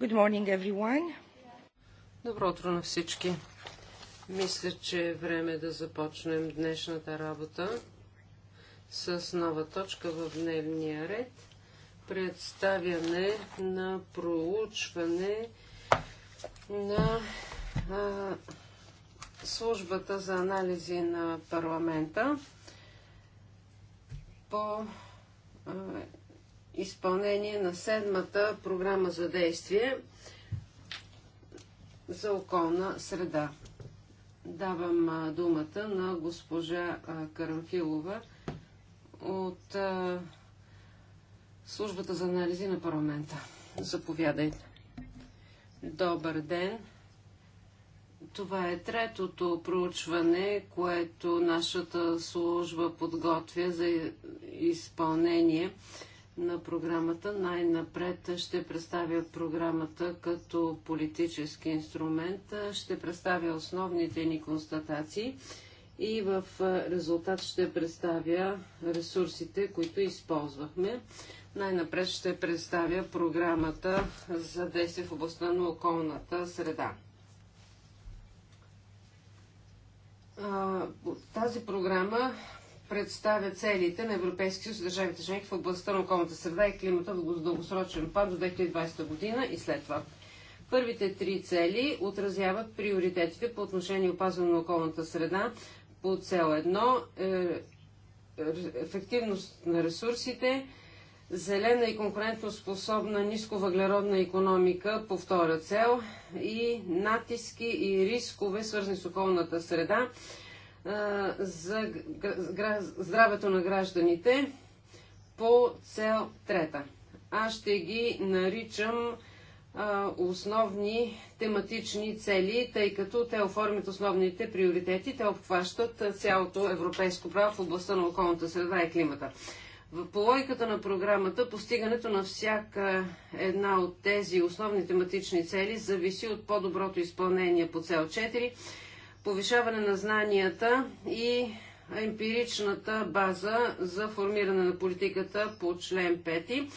Good morning, everyone. Добро утро на всички. Мисля, че е време да започнем днешната работа с нова точка в дневния ред. Представяне на проучване на а, службата за анализи на парламента по а, изпълнение на седмата програма за действие за околна среда. Давам думата на госпожа Карамфилова от Службата за анализи на парламента. Заповядайте. Добър ден. Това е третото проучване, което нашата служба подготвя за изпълнение на програмата. Най-напред ще представя програмата като политически инструмент, ще представя основните ни констатации и в резултат ще представя ресурсите, които използвахме. Най-напред ще представя програмата за действие в областта на околната среда. Тази програма представя целите на Европейския съюз и държавите членки в областта на околната среда и климата в дългосрочен план до 2020 година и след това. Първите три цели отразяват приоритетите по отношение опазване на околната среда по цел 1 е, е, ефективност на ресурсите, зелена и конкурентоспособна нисковъглеродна економика по втора цел и натиски и рискове, свързани с околната среда за здравето на гражданите по цел трета. Аз ще ги наричам основни тематични цели, тъй като те оформят основните приоритети, те обхващат цялото европейско право в областта на околната среда и климата. По логиката на програмата, постигането на всяка една от тези основни тематични цели зависи от по-доброто изпълнение по цел 4 повишаване на знанията и емпиричната база за формиране на политиката по член 5,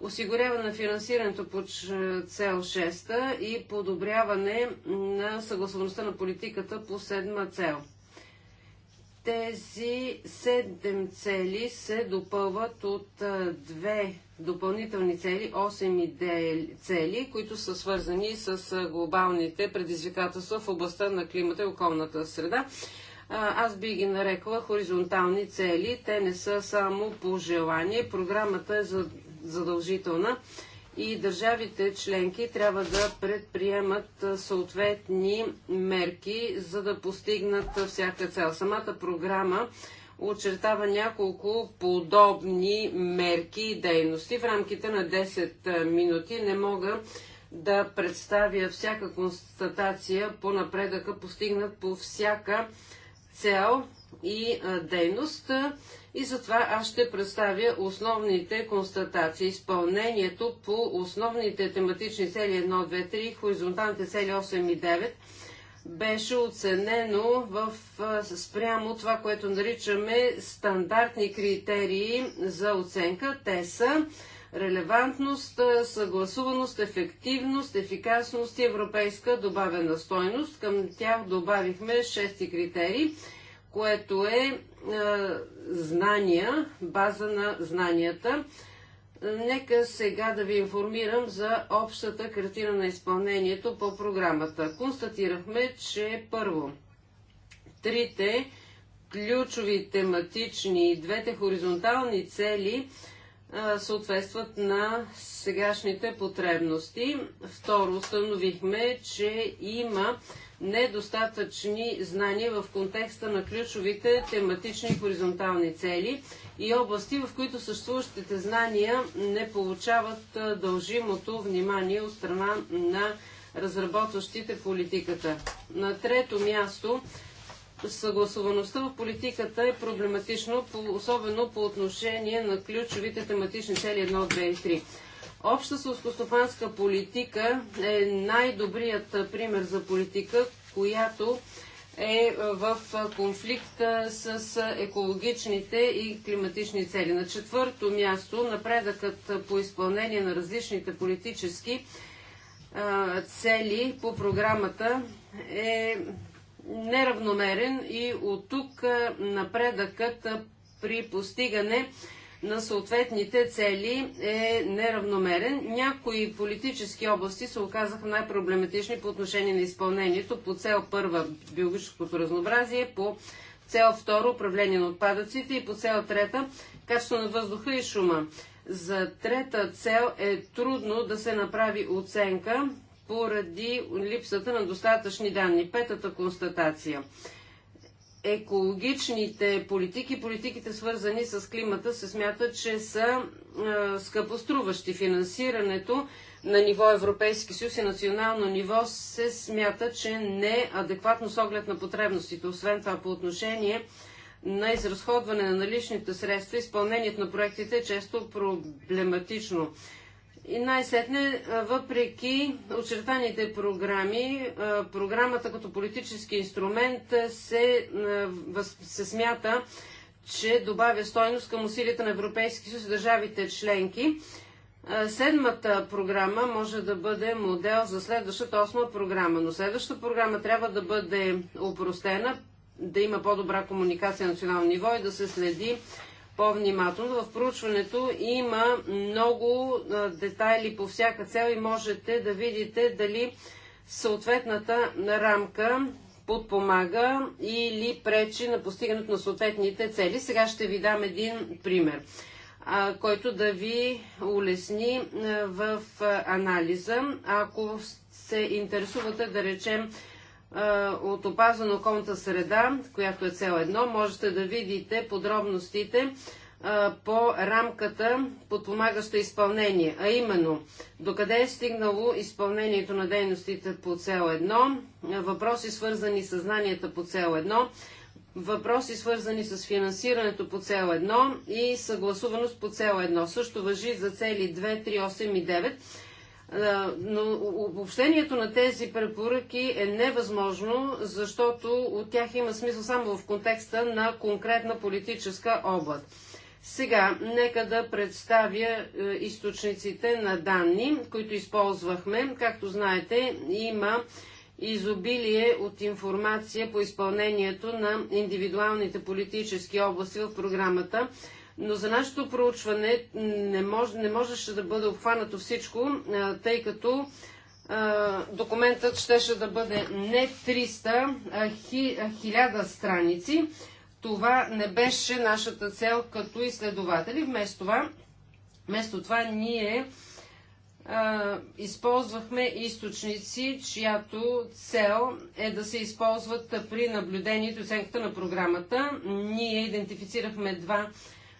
осигуряване на финансирането по цел 6 и подобряване на съгласността на политиката по 7 цел. Тези 7 цели се допълват от две допълнителни цели, 8 цели, които са свързани с глобалните предизвикателства в областта на климата и околната среда. Аз би ги нарекла хоризонтални цели. Те не са само желание. Програмата е задължителна и държавите членки трябва да предприемат съответни мерки, за да постигнат всяка цел. Самата програма очертава няколко подобни мерки и дейности. В рамките на 10 минути не мога да представя всяка констатация по напредъка, постигнат по всяка цел и дейност. И затова аз ще представя основните констатации. Изпълнението по основните тематични цели 1, 2, 3, хоризонталните цели 8 и 9 беше оценено в, спрямо това, което наричаме стандартни критерии за оценка. Те са релевантност, съгласуваност, ефективност, ефикасност и европейска добавена стойност. Към тях добавихме шести критерии, което е, е знания, база на знанията. Нека сега да ви информирам за общата картина на изпълнението по програмата. Констатирахме, че първо, трите ключови тематични и двете хоризонтални цели а, съответстват на сегашните потребности. Второ, установихме, че има недостатъчни знания в контекста на ключовите тематични хоризонтални цели – и области, в които съществуващите знания не получават дължимото внимание от страна на разработващите политиката. На трето място, съгласуваността в политиката е проблематично, особено по отношение на ключовите тематични цели 1, 2 и 3. Обща сълскостопанска политика е най-добрият пример за политика, която е, е в конфликт е, с екологичните и климатични цели. На четвърто място напредъкът по изпълнение на различните политически е, цели по програмата е неравномерен и от тук напредъкът при постигане на съответните цели е неравномерен. Някои политически области се оказаха най-проблематични по отношение на изпълнението по цел първа биологическото разнообразие, по цел второ управление на отпадъците и по цел трета качество на въздуха и шума. За трета цел е трудно да се направи оценка поради липсата на достатъчни данни. Петата констатация – екологичните политики, политиките свързани с климата, се смятат, че са е, скъпоструващи. Финансирането на ниво Европейски съюз и национално ниво се смята, че не е адекватно с оглед на потребностите. Освен това, по отношение на изразходване на наличните средства, изпълнението на проектите е често проблематично. И най-сетне, въпреки очертаните програми, програмата като политически инструмент се, се смята, че добавя стойност към усилията на Европейски съюз и държавите членки. Седмата програма може да бъде модел за следващата осма програма, но следващата програма трябва да бъде опростена, да има по-добра комуникация на национално ниво и да се следи по-внимателно. В проучването има много детайли по всяка цел и можете да видите дали съответната рамка подпомага или пречи на постигането на съответните цели. Сега ще ви дам един пример, който да ви улесни в анализа. Ако се интересувате, да речем, от опазване околната среда, която е цел едно, можете да видите подробностите по рамката подпомагащо изпълнение, а именно докъде е стигнало изпълнението на дейностите по цел 1, въпроси свързани с знанията по цел 1, въпроси свързани с финансирането по цел 1 и съгласуваност по цел 1. Също въжи за цели 2, 3, 8 и 9 е, но обобщението на тези препоръки е невъзможно, защото от тях има смисъл само в контекста на конкретна политическа област. Сега, нека да представя е, източниците на данни, които използвахме. Както знаете, има изобилие от информация по изпълнението на индивидуалните политически области в програмата но за нашето проучване не, мож, не можеше да бъде обхванато всичко, тъй като документът щеше да бъде не 300, а 1000 страници. Това не беше нашата цел като изследователи. Вместо това, вместо това ние а, използвахме източници, чиято цел е да се използват при наблюдението и оценката на програмата. Ние идентифицирахме два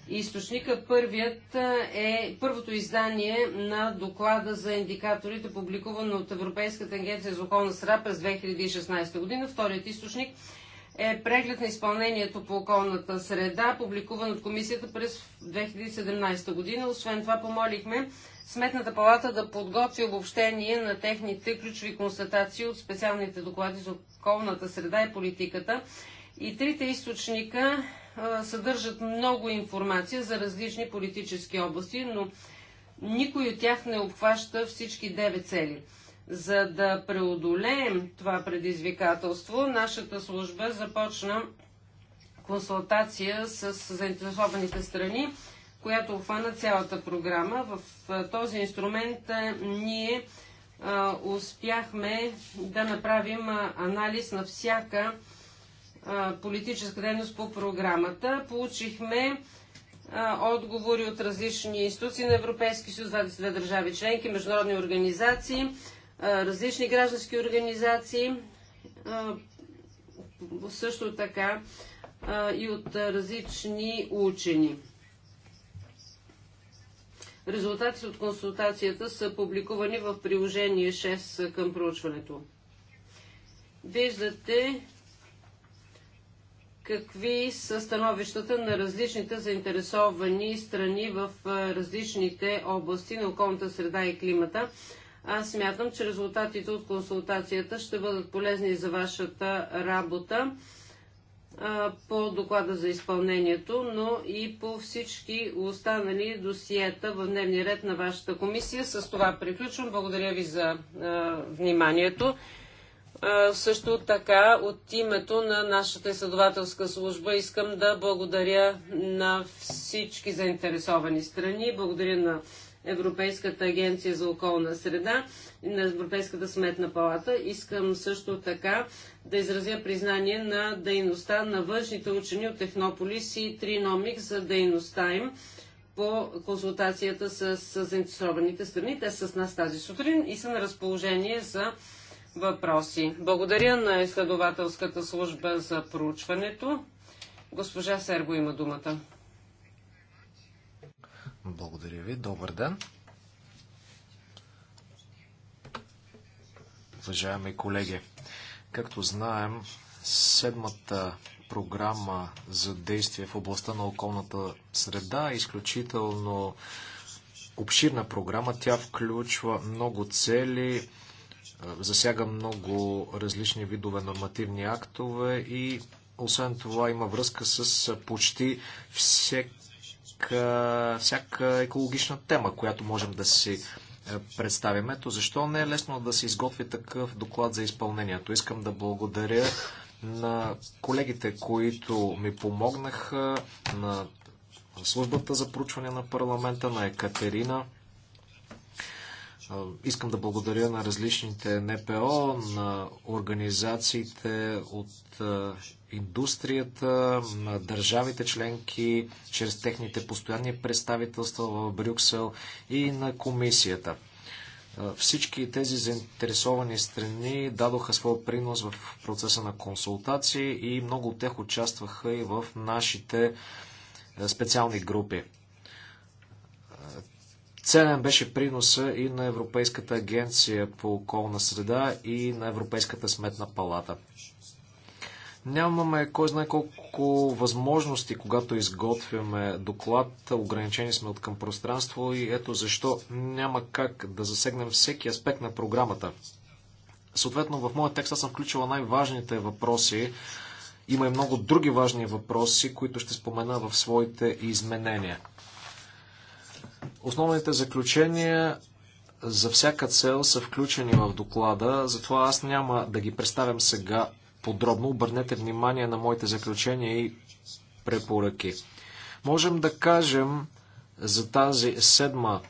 източника. Първият е първото издание на доклада за индикаторите, публикувано от Европейската агенция за околна среда през 2016 година. Вторият източник е преглед на изпълнението по околната среда, публикуван от комисията през 2017 година. Освен това помолихме Сметната палата да подготви обобщение на техните ключови констатации от специалните доклади за околната среда и политиката. И трите източника съдържат много информация за различни политически области, но никой от тях не обхваща всички девет цели. За да преодолеем това предизвикателство, нашата служба започна консултация с заинтересованите страни, която обхвана цялата програма. В този инструмент ние успяхме да направим анализ на всяка политическа дейност по програмата. Получихме отговори от различни институции на Европейски съюз, 22 държави членки, международни организации, различни граждански организации, също така и от различни учени. Резултатите от консултацията са публикувани в приложение 6 към проучването. Виждате, какви са становищата на различните заинтересовани страни в различните области на околната среда и климата. Аз смятам, че резултатите от консултацията ще бъдат полезни за вашата работа по доклада за изпълнението, но и по всички останали досиета в дневния ред на вашата комисия. С това приключвам. Благодаря ви за вниманието. Също така, от името на нашата изследователска служба искам да благодаря на всички заинтересовани страни. Благодаря на Европейската агенция за околна среда и на Европейската сметна палата. Искам също така да изразя признание на дейността на външните учени от Технополис и Триномик за дейността им по консултацията с, с заинтересованите страни. Те са с нас тази сутрин и са на разположение за въпроси. Благодаря на изследователската служба за проучването. Госпожа Серго има думата. Благодаря ви. Добър ден. Уважаеми колеги, както знаем, седмата програма за действие в областта на околната среда е изключително обширна програма. Тя включва много цели, засяга много различни видове нормативни актове и освен това има връзка с почти всяка, всяка екологична тема, която можем да си е, представим. Ето защо не е лесно да се изготви такъв доклад за изпълнението. Искам да благодаря на колегите, които ми помогнаха, на службата за проучване на парламента, на Екатерина. Искам да благодаря на различните НПО, на организациите от индустрията, на държавите членки, чрез техните постоянни представителства в Брюксел и на комисията. Всички тези заинтересовани страни дадоха своя принос в процеса на консултации и много от тях участваха и в нашите специални групи. Ценен беше приноса и на Европейската агенция по околна среда и на Европейската сметна палата. Нямаме кой знае колко възможности, когато изготвяме доклад. Ограничени сме от към пространство и ето защо няма как да засегнем всеки аспект на програмата. Съответно, в моят текст аз съм включила най-важните въпроси. Има и много други важни въпроси, които ще спомена в своите изменения. Основните заключения за всяка цел са включени в доклада, затова аз няма да ги представям сега подробно. Обърнете внимание на моите заключения и препоръки. Можем да кажем за тази седма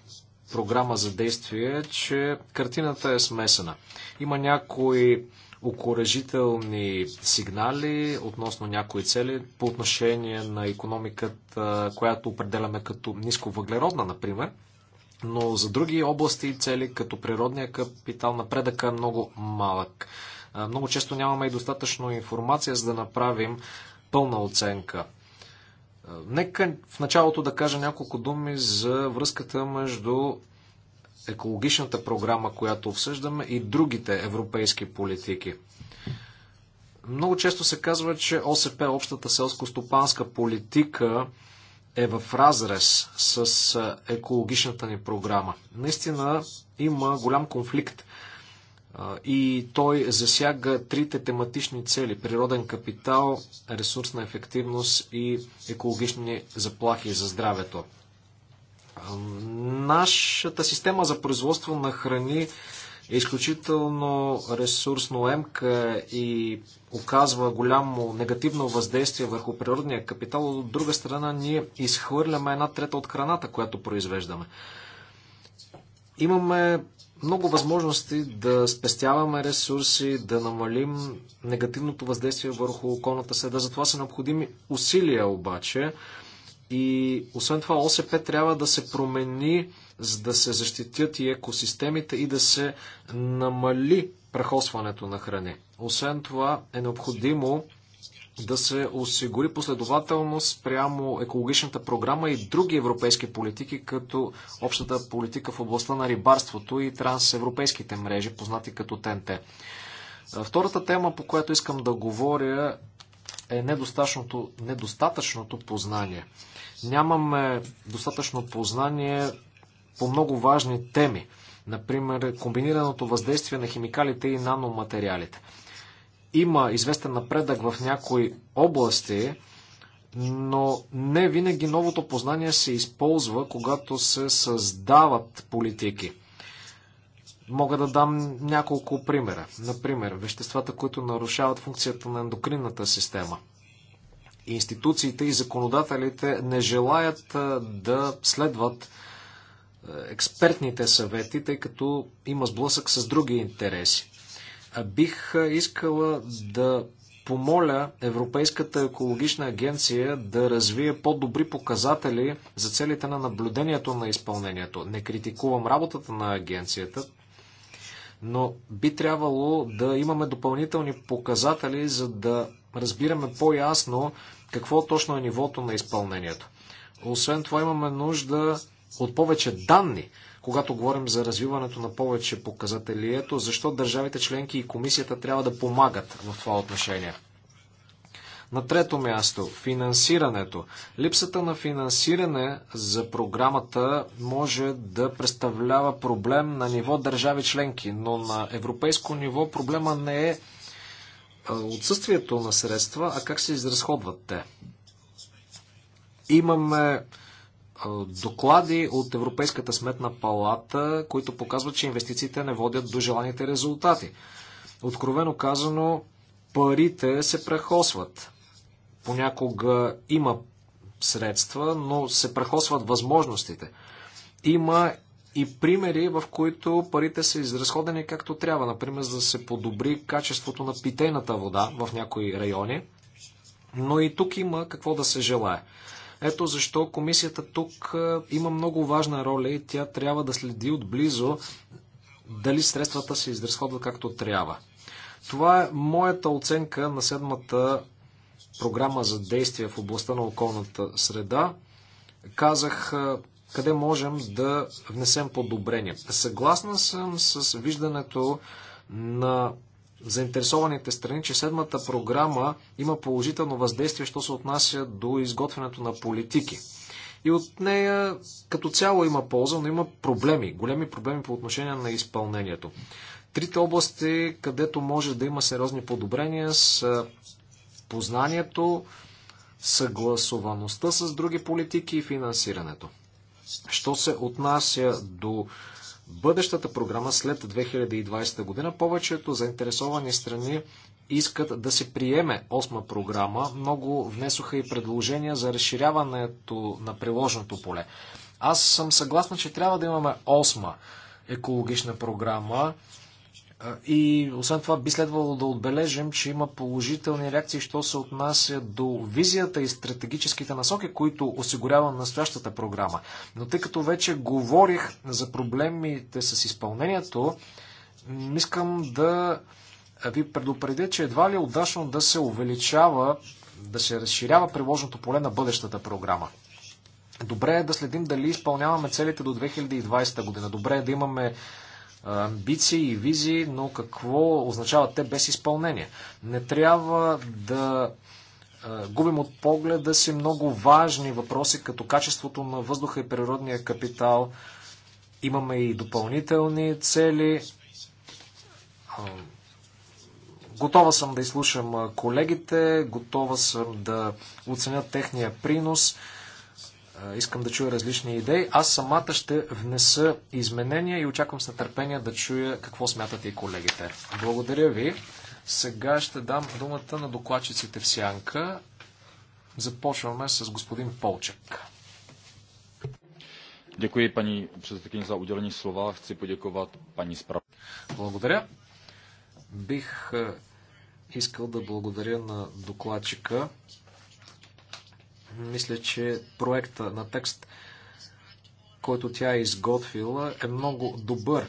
програма за действие, че картината е смесена. Има някои окоръжителни сигнали относно някои цели по отношение на економиката, която определяме като ниско въглеродна, например. Но за други области и цели, като природния капитал, напредъка е много малък. Много често нямаме и достатъчно информация, за да направим пълна оценка. Нека в началото да кажа няколко думи за връзката между екологичната програма, която обсъждаме и другите европейски политики. Много често се казва, че ОСП, общата селско-стопанска политика, е в разрез с екологичната ни програма. Наистина има голям конфликт и той засяга трите тематични цели природен капитал, ресурсна ефективност и екологични заплахи за здравето. Нашата система за производство на храни е изключително ресурсно емка и оказва голямо негативно въздействие върху природния капитал. От друга страна, ние изхвърляме една трета от храната, която произвеждаме. Имаме много възможности да спестяваме ресурси, да намалим негативното въздействие върху околната среда. Затова са необходими усилия обаче. И освен това ОСП трябва да се промени, за да се защитят и екосистемите и да се намали прахосването на храни. Освен това е необходимо да се осигури последователност прямо екологичната програма и други европейски политики, като общата политика в областта на рибарството и трансевропейските мрежи, познати като ТНТ. Втората тема, по която искам да говоря, е недостатъчното, недостатъчното познание. Нямаме достатъчно познание по много важни теми, например комбинираното въздействие на химикалите и наноматериалите. Има известен напредък в някои области, но не винаги новото познание се използва, когато се създават политики. Мога да дам няколко примера. Например, веществата, които нарушават функцията на ендокринната система – институциите и законодателите не желаят да следват експертните съвети, тъй като има сблъсък с други интереси. бих искала да помоля Европейската екологична агенция да развие по-добри показатели за целите на наблюдението на изпълнението. Не критикувам работата на агенцията, но би трябвало да имаме допълнителни показатели, за да разбираме по-ясно какво точно е нивото на изпълнението. Освен това имаме нужда от повече данни, когато говорим за развиването на повече показатели. Ето защо държавите членки и комисията трябва да помагат в това отношение. На трето място, финансирането. Липсата на финансиране за програмата може да представлява проблем на ниво държави членки, но на европейско ниво проблема не е отсъствието на средства, а как се изразходват те. Имаме доклади от Европейската сметна палата, които показват, че инвестициите не водят до желаните резултати. Откровено казано, парите се прехосват. Понякога има средства, но се прехосват възможностите. Има и примери, в които парите са изразходени както трябва. Например, за да се подобри качеството на питейната вода в някои райони. Но и тук има какво да се желае. Ето защо комисията тук е, има много важна роля и тя трябва да следи отблизо дали средствата се изразходват както трябва. Това е моята оценка на седмата програма за действие в областта на околната среда. Казах е, къде можем да внесем подобрения. Съгласна съм с виждането на заинтересованите страни, че седмата програма има положително въздействие, що се отнася до изготвянето на политики. И от нея като цяло има полза, но има проблеми, големи проблеми по отношение на изпълнението. Трите области, където може да има сериозни подобрения са познанието, съгласоваността с други политики и финансирането. Що се отнася до бъдещата програма след 2020 година, повечето заинтересовани страни искат да се приеме осма програма. Много внесоха и предложения за разширяването на приложното поле. Аз съм съгласна, че трябва да имаме осма екологична програма. И освен това би следвало да отбележим, че има положителни реакции, що се отнася до визията и стратегическите насоки, които осигурява настоящата програма. Но тъй като вече говорих за проблемите с изпълнението, искам да ви предупредя, че едва ли е удачно да се увеличава, да се разширява приложното поле на бъдещата програма. Добре е да следим дали изпълняваме целите до 2020 година. Добре е да имаме амбиции и визии, но какво означават те без изпълнение? Не трябва да губим от погледа си много важни въпроси, като качеството на въздуха и природния капитал. Имаме и допълнителни цели. Готова съм да изслушам колегите, готова съм да оценя техния принос. Искам да чуя различни идеи. Аз самата ще внеса изменения и очаквам с нетърпение да чуя какво смятате и колегите. Благодаря ви. Сега ще дам думата на докладчиците в Сянка. Започваме с господин Полчек. Děkuji paní předsedkyni za udělení slova. Chci poděkovat paní zprav. Благодаря. Бих искал да благодаря на докладчика мисля, че проекта на текст, който тя е изготвила, е много добър.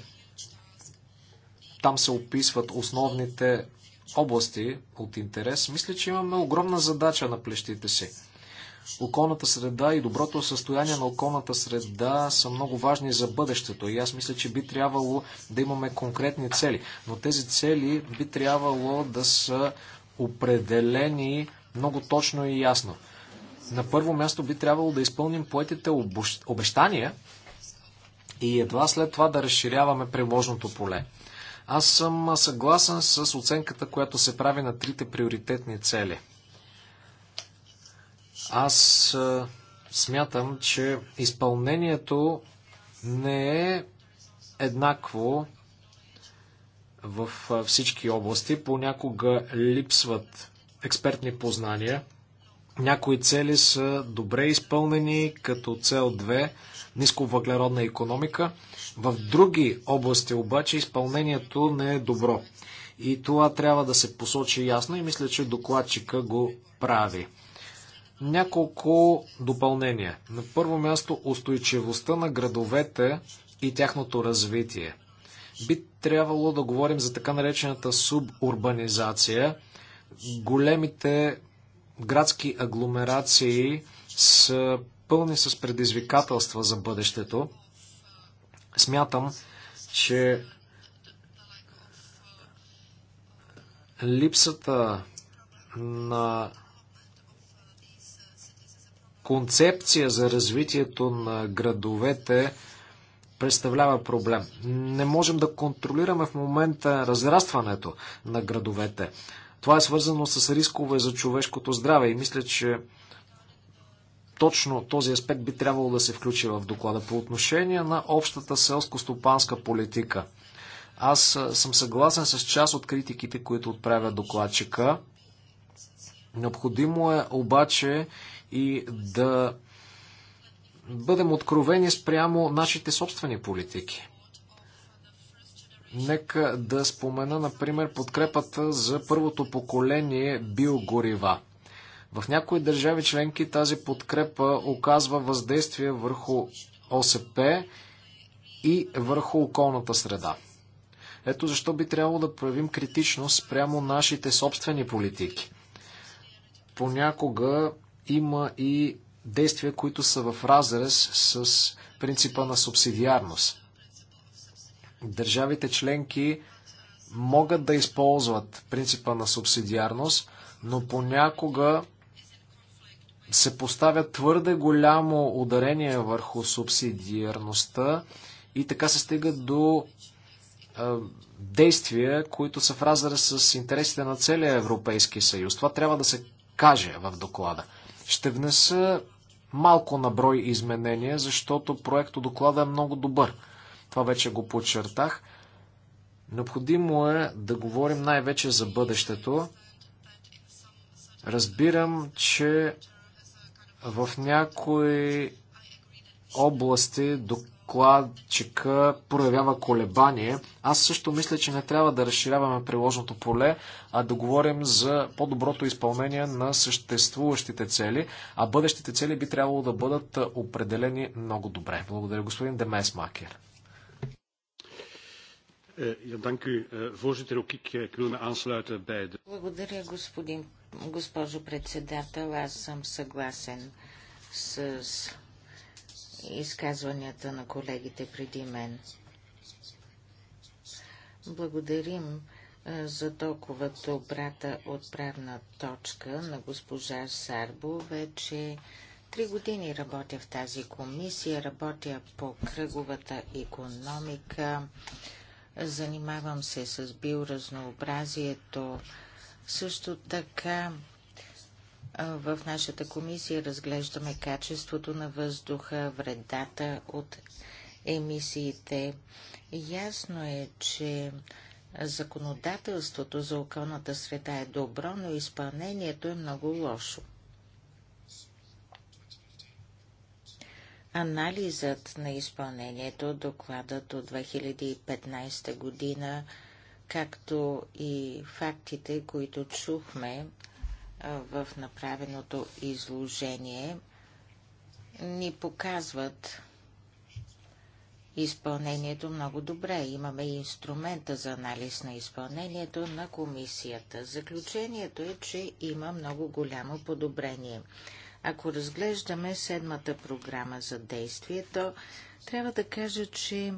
Там се описват основните области от интерес. Мисля, че имаме огромна задача на плещите си. Околната среда и доброто състояние на околната среда са много важни за бъдещето и аз мисля, че би трябвало да имаме конкретни цели. Но тези цели би трябвало да са определени много точно и ясно. На първо място би трябвало да изпълним поетите обещания и едва след това да разширяваме приложното поле. Аз съм съгласен с оценката, която се прави на трите приоритетни цели. Аз смятам, че изпълнението не е еднакво във всички области. Понякога липсват експертни познания. Някои цели са добре изпълнени, като цел 2 нисковъглеродна економика. В други области обаче изпълнението не е добро. И това трябва да се посочи ясно и мисля, че докладчика го прави. Няколко допълнения. На първо място устойчивостта на градовете и тяхното развитие. Би трябвало да говорим за така наречената субурбанизация. Големите градски агломерации са пълни с предизвикателства за бъдещето. Смятам, че липсата на концепция за развитието на градовете представлява проблем. Не можем да контролираме в момента разрастването на градовете. Това е свързано с рискове за човешкото здраве и мисля, че точно този аспект би трябвало да се включи в доклада. По отношение на общата селско-стопанска политика, аз съм съгласен с част от критиките, които отправя докладчика. Необходимо е обаче и да бъдем откровени спрямо нашите собствени политики. Нека да спомена, например, подкрепата за първото поколение биогорива. В някои държави членки тази подкрепа оказва въздействие върху ОСП и върху околната среда. Ето защо би трябвало да проявим критичност спрямо нашите собствени политики. Понякога има и действия, които са в разрез с принципа на субсидиарност. Държавите членки могат да използват принципа на субсидиарност, но понякога се поставя твърде голямо ударение върху субсидиарността и така се стига до е, действия, които са в разрез с интересите на целия Европейски съюз. Това трябва да се каже в доклада. Ще внеса малко на брой изменения, защото проекто доклада е много добър. Това вече го подчертах. Необходимо е да говорим най-вече за бъдещето. Разбирам, че в някои области докладчика проявява колебание. Аз също мисля, че не трябва да разширяваме приложното поле, а да говорим за по-доброто изпълнение на съществуващите цели, а бъдещите цели би трябвало да бъдат определени много добре. Благодаря, господин Демес Макер. Благодаря, господин, госпожо председател. Аз съм съгласен с изказванията на колегите преди мен. Благодарим е, за толкова добрата отправна точка на госпожа Сарбо. Вече три години работя в тази комисия, работя по кръговата економика, Занимавам се с биоразнообразието. Също така в нашата комисия разглеждаме качеството на въздуха, вредата от емисиите. Ясно е, че законодателството за околната среда е добро, но изпълнението е много лошо. Анализът на изпълнението, докладът от 2015 година, както и фактите, които чухме в направеното изложение, ни показват изпълнението много добре. Имаме и инструмента за анализ на изпълнението на комисията. Заключението е, че има много голямо подобрение. Ако разглеждаме седмата програма за действие, то трябва да кажа, че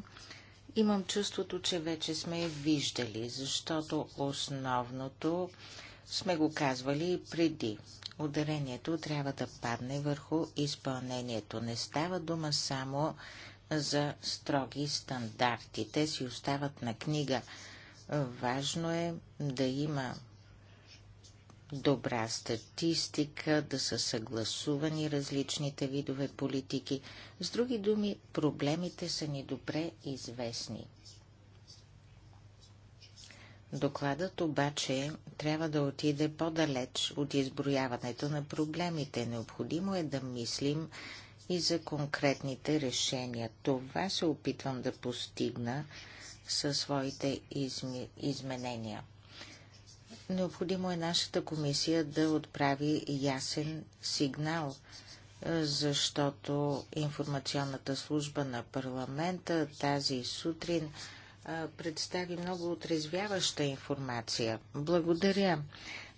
имам чувството, че вече сме я виждали, защото основното сме го казвали и преди. Ударението трябва да падне върху изпълнението. Не става дума само за строги стандарти. Те си остават на книга. Важно е да има добра статистика, да са съгласувани различните видове политики. С други думи, проблемите са ни добре известни. Докладът обаче трябва да отиде по-далеч от изброяването на проблемите. Необходимо е да мислим и за конкретните решения. Това се опитвам да постигна със своите изми... изменения. Необходимо е нашата комисия да отправи ясен сигнал, е, защото информационната служба на парламента тази сутрин е, представи много отрезвяваща информация. Благодаря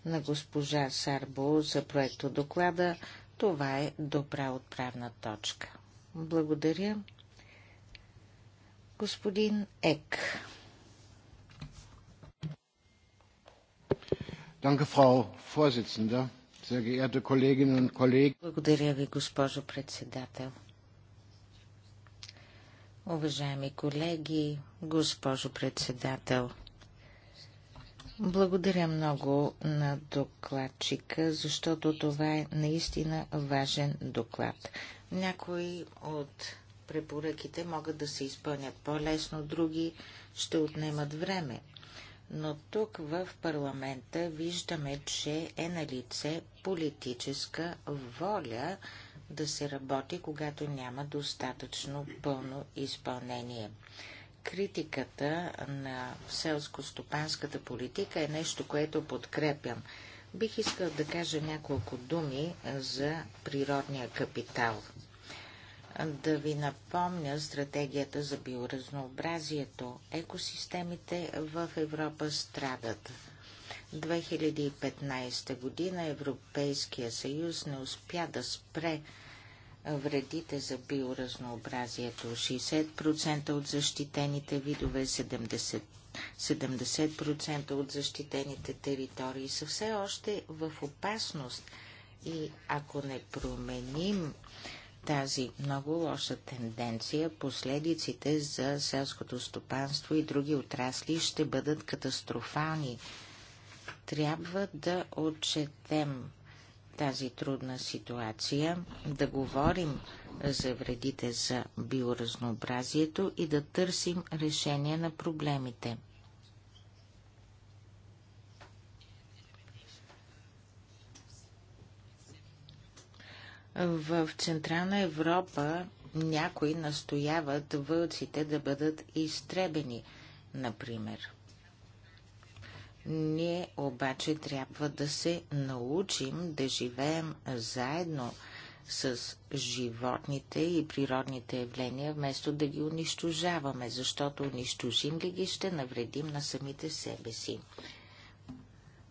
на госпожа Сарбо за проекто доклада. Това е добра отправна точка. Благодаря. Господин Ек. Danke, Frau Vorsitzende, sehr geehrte Kolleginnen und Kollegen. Благодаря ви, госпожо председател. Уважаеми колеги, госпожо председател, благодаря много на докладчика, защото това е наистина важен доклад. Някои от препоръките могат да се изпълнят по-лесно, други ще отнемат време но тук в парламента виждаме, че е на лице политическа воля да се работи, когато няма достатъчно пълно изпълнение. Критиката на селско-стопанската политика е нещо, което подкрепям. Бих искал да кажа няколко думи за природния капитал – да ви напомня стратегията за биоразнообразието. Екосистемите в Европа страдат. 2015 година Европейския съюз не успя да спре вредите за биоразнообразието. 60% от защитените видове, 70%, 70% от защитените територии са все още в опасност. И ако не променим тази много лоша тенденция, последиците за селското стопанство и други отрасли ще бъдат катастрофални. Трябва да отчетем тази трудна ситуация, да говорим за вредите за биоразнообразието и да търсим решение на проблемите. В Централна Европа някои настояват вълците да бъдат изтребени, например. Ние обаче трябва да се научим да живеем заедно с животните и природните явления, вместо да ги унищожаваме, защото унищожим ли ги ще навредим на самите себе си.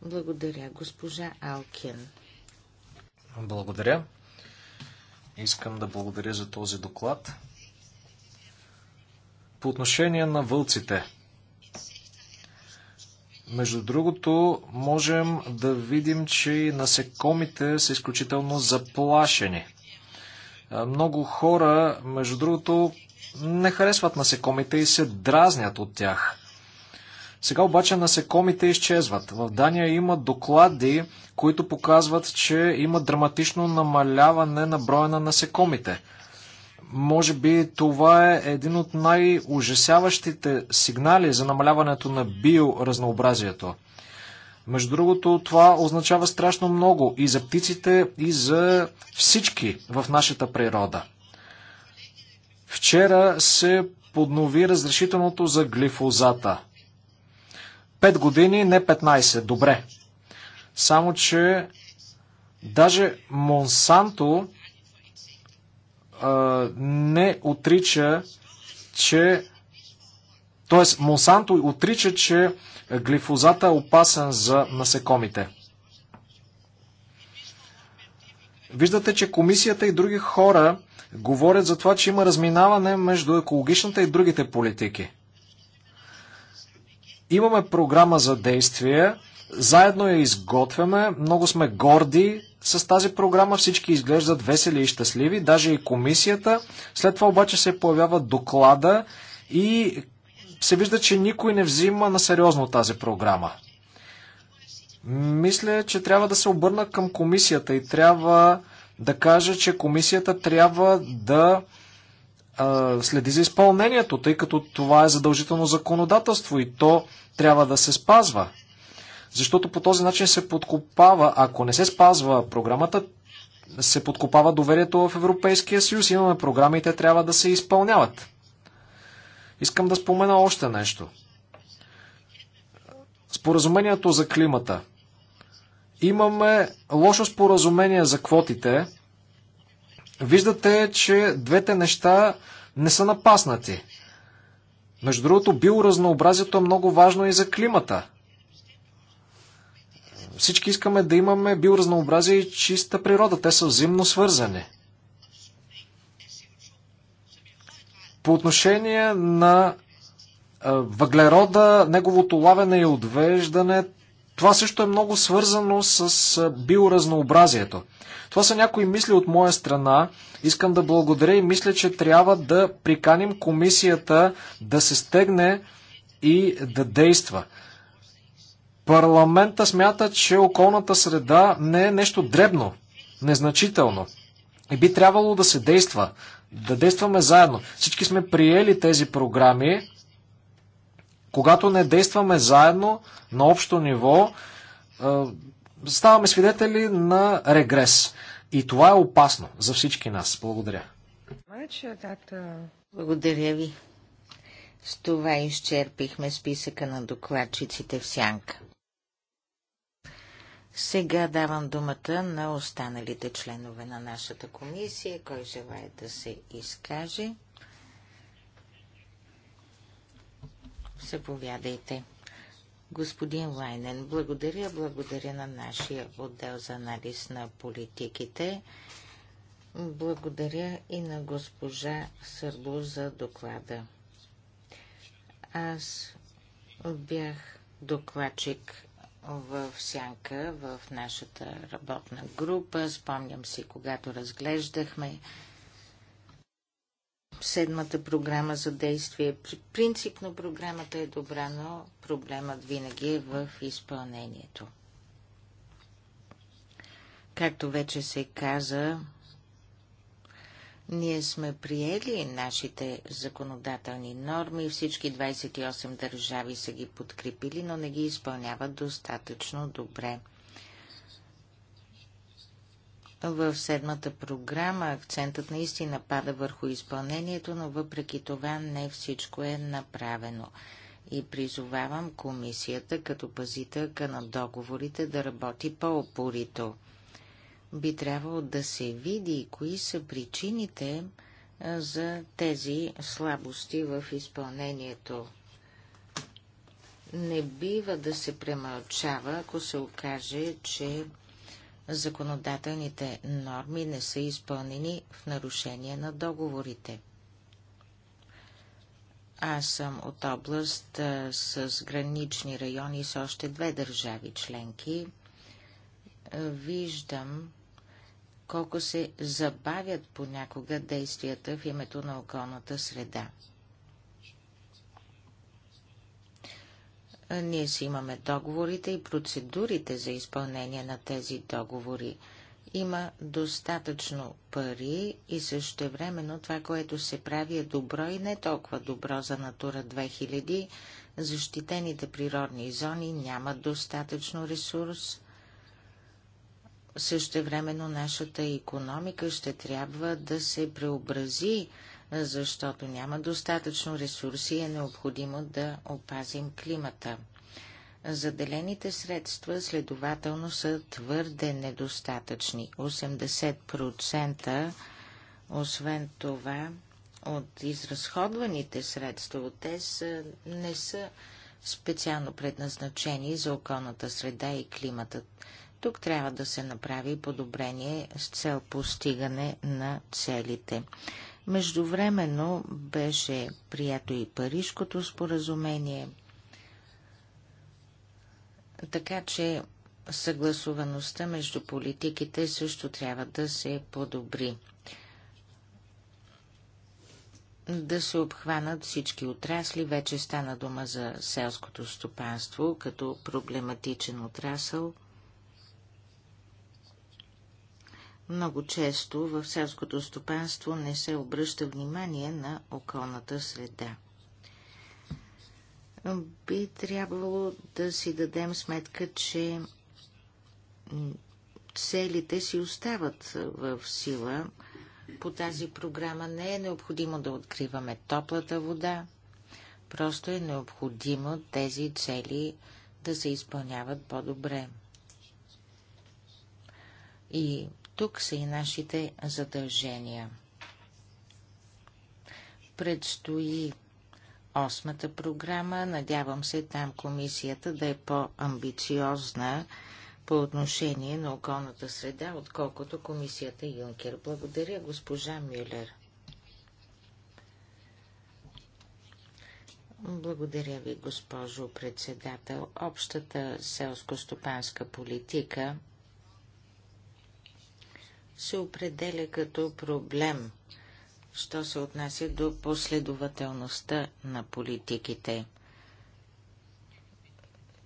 Благодаря, госпожа Алкин. Благодаря. Искам да благодаря за този доклад. По отношение на вълците. Между другото, можем да видим, че и насекомите са изключително заплашени. Много хора, между другото, не харесват насекомите и се дразнят от тях. Сега обаче насекомите изчезват. В Дания има доклади, които показват, че има драматично намаляване на броя на насекомите. Може би това е един от най-ужасяващите сигнали за намаляването на биоразнообразието. Между другото, това означава страшно много и за птиците, и за всички в нашата природа. Вчера се поднови разрешителното за глифозата. 5 години, не 15. Добре. Само, че даже Монсанто а, не отрича, че. Тоест, Монсанто отрича, че глифозата е опасен за насекомите. Виждате, че комисията и други хора говорят за това, че има разминаване между екологичната и другите политики. Имаме програма за действие, заедно я изготвяме, много сме горди с тази програма, всички изглеждат весели и щастливи, даже и комисията. След това обаче се появява доклада и се вижда, че никой не взима на сериозно тази програма. Мисля, че трябва да се обърна към комисията и трябва да кажа, че комисията трябва да следи за изпълнението, тъй като това е задължително законодателство и то трябва да се спазва. Защото по този начин се подкопава, ако не се спазва програмата, се подкопава доверието в Европейския съюз. Имаме програми и те трябва да се изпълняват. Искам да спомена още нещо. Споразумението за климата. Имаме лошо споразумение за квотите, виждате, че двете неща не са напаснати. Между другото, биоразнообразието е много важно и за климата. Всички искаме да имаме биоразнообразие и чиста природа. Те са взаимно свързани. По отношение на въглерода, неговото лавене и отвеждане, това също е много свързано с биоразнообразието. Това са някои мисли от моя страна. Искам да благодаря и мисля, че трябва да приканим комисията да се стегне и да действа. Парламента смята, че околната среда не е нещо дребно, незначително. И би трябвало да се действа, да действаме заедно. Всички сме приели тези програми, когато не действаме заедно на общо ниво, е, ставаме свидетели на регрес. И това е опасно за всички нас. Благодаря. Благодаря ви. С това изчерпихме списъка на докладчиците в сянка. Сега давам думата на останалите членове на нашата комисия, кой желая да се изкаже. Заповядайте. Господин Лайнен, благодаря, благодаря на нашия отдел за анализ на политиките. Благодаря и на госпожа Сърбо за доклада. Аз бях докладчик в сянка в нашата работна група. Спомням си, когато разглеждахме седмата програма за действие. Принципно програмата е добра, но проблемът винаги е в изпълнението. Както вече се каза, ние сме приели нашите законодателни норми, всички 28 държави са ги подкрепили, но не ги изпълняват достатъчно добре. В седмата програма акцентът наистина пада върху изпълнението, но въпреки това не всичко е направено. И призовавам комисията като пазителка на договорите да работи по-опорито. Би трябвало да се види кои са причините за тези слабости в изпълнението не бива да се премълчава, ако се окаже, че законодателните норми не са изпълнени в нарушение на договорите. Аз съм от област с гранични райони с още две държави членки. Виждам колко се забавят понякога действията в името на околната среда. Ние си имаме договорите и процедурите за изпълнение на тези договори. Има достатъчно пари и също времено това, което се прави е добро и не толкова добро за Натура 2000. Защитените природни зони нямат достатъчно ресурс. Същевременно нашата економика ще трябва да се преобрази защото няма достатъчно ресурси и е необходимо да опазим климата. Заделените средства следователно са твърде недостатъчни. 80% освен това от изразходваните средства, те са, не са специално предназначени за околната среда и климата. Тук трябва да се направи подобрение с цел постигане на целите. Междувременно беше прието и Парижкото споразумение, така че съгласуваността между политиките също трябва да се подобри. Да се обхванат всички отрасли, вече стана дума за селското стопанство като проблематичен отрасъл – Много често в селското стопанство не се обръща внимание на околната среда. Би трябвало да си дадем сметка, че целите си остават в сила. По тази програма не е необходимо да откриваме топлата вода, просто е необходимо тези цели да се изпълняват по-добре. И тук са и нашите задължения. Предстои осмата програма. Надявам се там комисията да е по-амбициозна по отношение на околната среда, отколкото комисията Юнкер. Благодаря, госпожа Мюлер. Благодаря ви, госпожо председател. Общата селско-стопанска политика – се определя като проблем, що се отнася до последователността на политиките.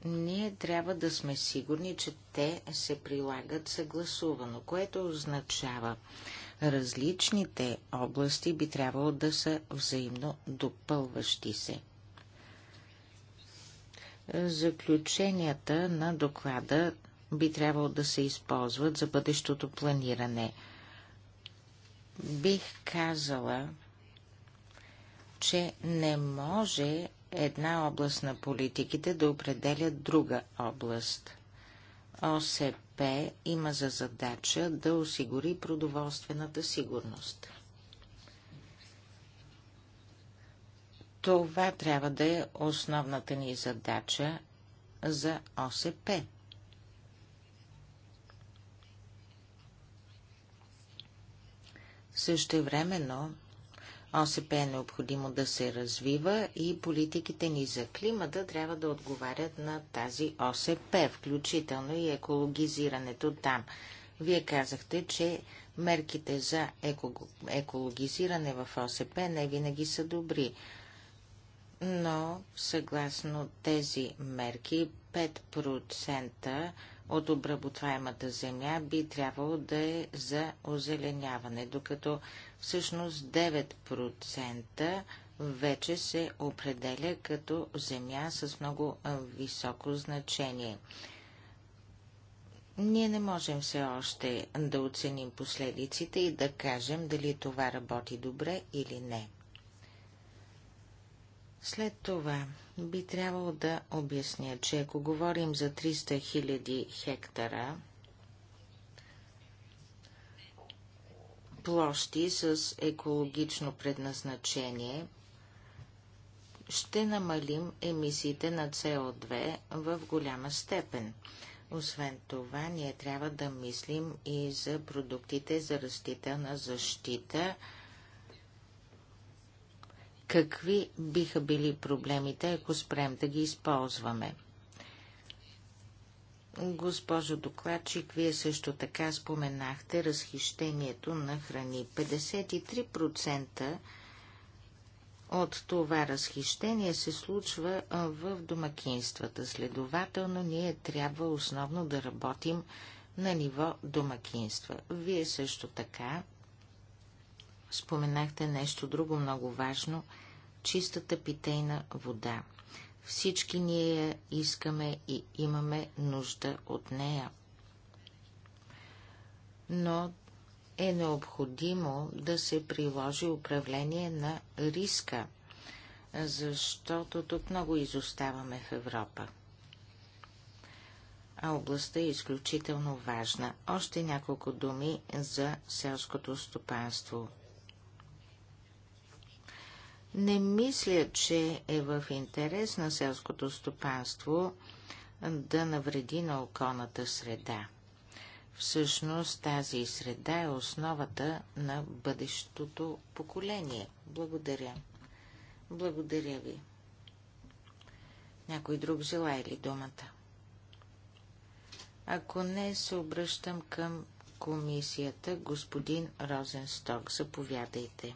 Ние трябва да сме сигурни, че те се прилагат съгласувано, което означава, различните области би трябвало да са взаимно допълващи се. Заключенията на доклада би трябвало да се използват за бъдещото планиране. Бих казала, че не може една област на политиките да определя друга област. ОСП има за задача да осигури продоволствената сигурност. Това трябва да е основната ни задача за ОСП. Същевременно ОСП е необходимо да се развива и политиките ни за климата трябва да отговарят на тази ОСП, включително и екологизирането там. Вие казахте, че мерките за екологизиране в ОСП не винаги са добри. Но съгласно тези мерки 5% от обработваемата земя би трябвало да е за озеленяване, докато всъщност 9% вече се определя като земя с много високо значение. Ние не можем все още да оценим последиците и да кажем дали това работи добре или не. След това би трябвало да обясня, че ако говорим за 300 000 хектара площи с екологично предназначение, ще намалим емисиите на СО2 в голяма степен. Освен това, ние трябва да мислим и за продуктите за растителна защита – какви биха били проблемите, ако спрем да ги използваме. Госпожо докладчик, вие също така споменахте разхищението на храни. 53% от това разхищение се случва в домакинствата. Следователно, ние трябва основно да работим на ниво домакинства. Вие също така Споменахте нещо друго много важно – чистата питейна вода. Всички ние искаме и имаме нужда от нея. Но е необходимо да се приложи управление на риска, защото тук много изоставаме в Европа. А областта е изключително важна. Още няколко думи за селското стопанство. Не мисля, че е в интерес на селското стопанство да навреди на околната среда. Всъщност тази среда е основата на бъдещото поколение. Благодаря. Благодаря ви. Някой друг желая ли думата? Ако не, се обръщам към комисията. Господин Розенсток, заповядайте.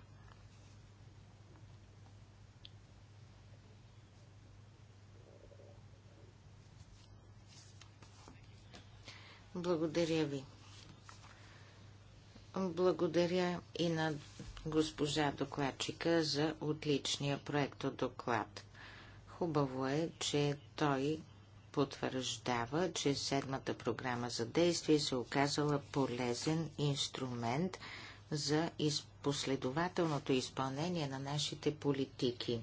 Благодаря ви. Благодаря и на госпожа докладчика за отличния проект от доклад. Хубаво е, че той потвърждава, че седмата програма за действие се оказала полезен инструмент за последователното изпълнение на нашите политики.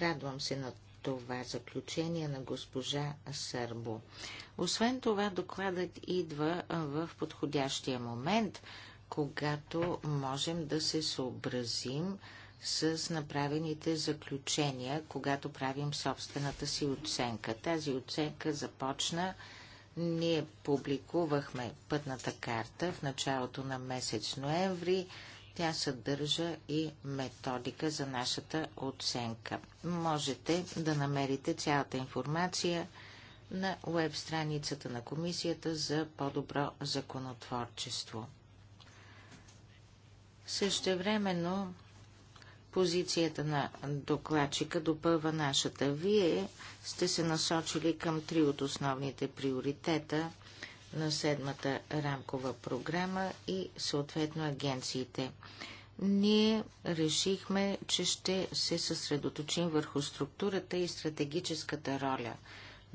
Радвам се на това заключение на госпожа Сърбо. Освен това, докладът идва в подходящия момент, когато можем да се съобразим с направените заключения, когато правим собствената си оценка. Тази оценка започна. Ние публикувахме пътната карта в началото на месец ноември. Тя съдържа и методика за нашата оценка. Можете да намерите цялата информация на веб страницата на Комисията за по-добро законотворчество. времено позицията на докладчика допълва нашата. Вие сте се насочили към три от основните приоритета – на седмата рамкова програма и съответно агенциите. Ние решихме, че ще се съсредоточим върху структурата и стратегическата роля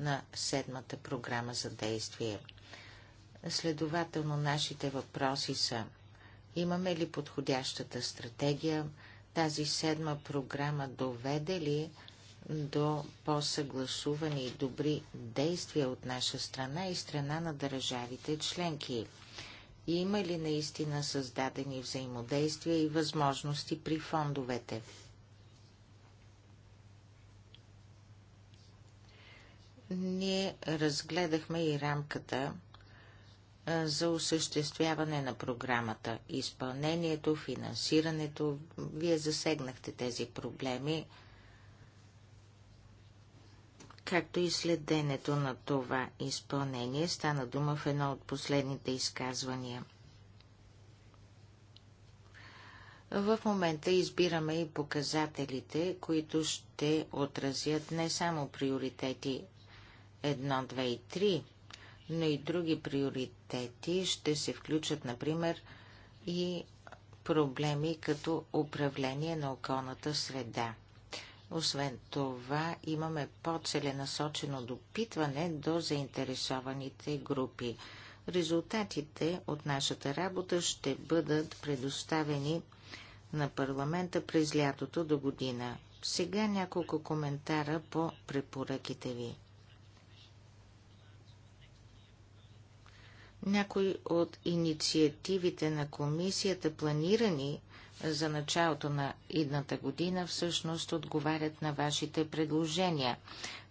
на седмата програма за действие. Следователно, нашите въпроси са имаме ли подходящата стратегия, тази седма програма доведе ли до по-съгласувани и добри действия от наша страна и страна на държавите членки? Има ли наистина създадени взаимодействия и възможности при фондовете? Ние разгледахме и рамката за осъществяване на програмата, изпълнението, финансирането. Вие засегнахте тези проблеми както и следенето на това изпълнение, стана дума в едно от последните изказвания. В момента избираме и показателите, които ще отразят не само приоритети 1, 2 и 3, но и други приоритети ще се включат, например, и проблеми като управление на околната среда. Освен това, имаме по-целенасочено допитване до заинтересованите групи. Резултатите от нашата работа ще бъдат предоставени на парламента през лятото до година. Сега няколко коментара по препоръките ви. Някои от инициативите на комисията, планирани за началото на идната година всъщност отговарят на вашите предложения.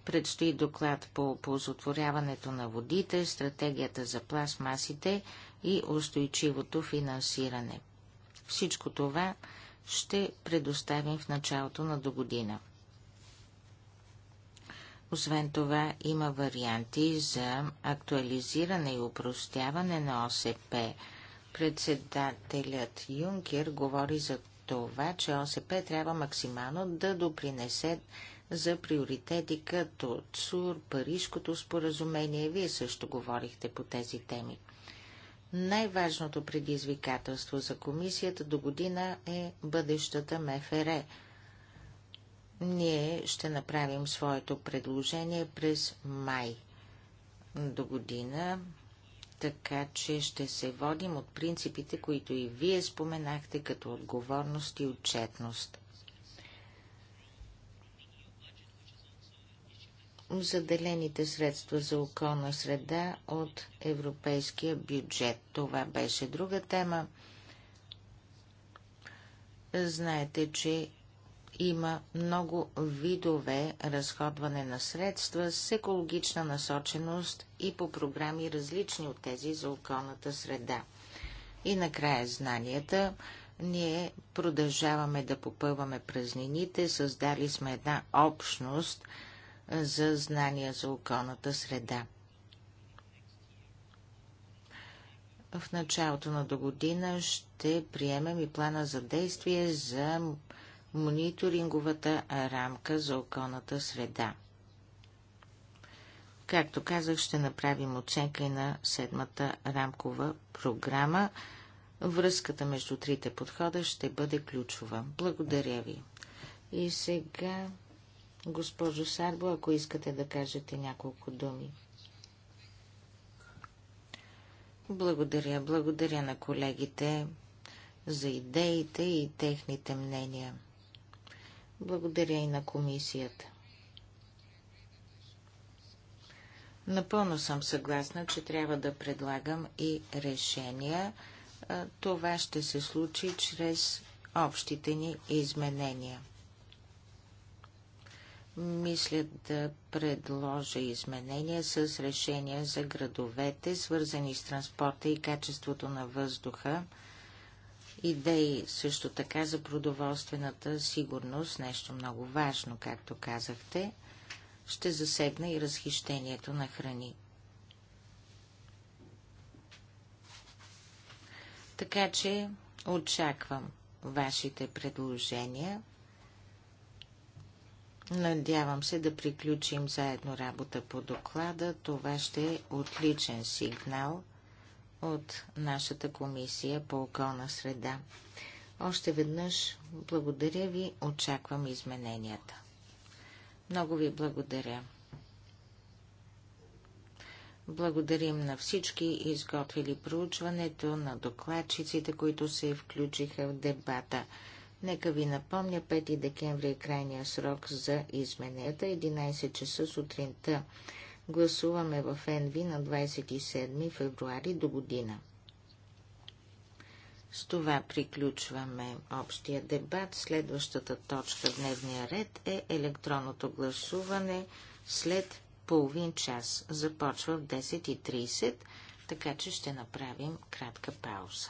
Предстои доклад по ползотворяването на водите, стратегията за пластмасите и устойчивото финансиране. Всичко това ще предоставим в началото на до година. Освен това има варианти за актуализиране и упростяване на ОСП, Председателят Юнкер говори за това, че ОСП трябва максимално да допринесе за приоритети като ЦУР, Парижкото споразумение. Вие също говорихте по тези теми. Най-важното предизвикателство за комисията до година е бъдещата МФР. Ние ще направим своето предложение през май до година така че ще се водим от принципите, които и вие споменахте като отговорност и отчетност. заделените средства за околна среда от европейския бюджет. Това беше друга тема. Знаете, че има много видове разходване на средства с екологична насоченост и по програми различни от тези за околната среда. И накрая знанията. Ние продължаваме да попълваме празнините, създали сме една общност за знания за околната среда. В началото на до година ще приемем и плана за действие за мониторинговата рамка за околната среда. Както казах, ще направим оценка и на седмата рамкова програма. Връзката между трите подхода ще бъде ключова. Благодаря ви. И сега, госпожо Сарбо, ако искате да кажете няколко думи. Благодаря, благодаря на колегите за идеите и техните мнения. Благодаря и на комисията. Напълно съм съгласна, че трябва да предлагам и решения. Това ще се случи чрез общите ни изменения. Мисля да предложа изменения с решения за градовете, свързани с транспорта и качеството на въздуха, идеи също така за продоволствената сигурност, нещо много важно, както казахте, ще засегна и разхищението на храни. Така че очаквам вашите предложения. Надявам се да приключим заедно работа по доклада. Това ще е отличен сигнал от нашата комисия по околна среда. Още веднъж благодаря ви, очаквам измененията. Много ви благодаря. Благодарим на всички, изготвили проучването, на докладчиците, които се включиха в дебата. Нека ви напомня, 5 декември е крайния срок за измененията, 11 часа сутринта Гласуваме в Енви на 27 февруари до година. С това приключваме общия дебат. Следващата точка в дневния ред е електронното гласуване след половин час. Започва в 10.30, така че ще направим кратка пауза.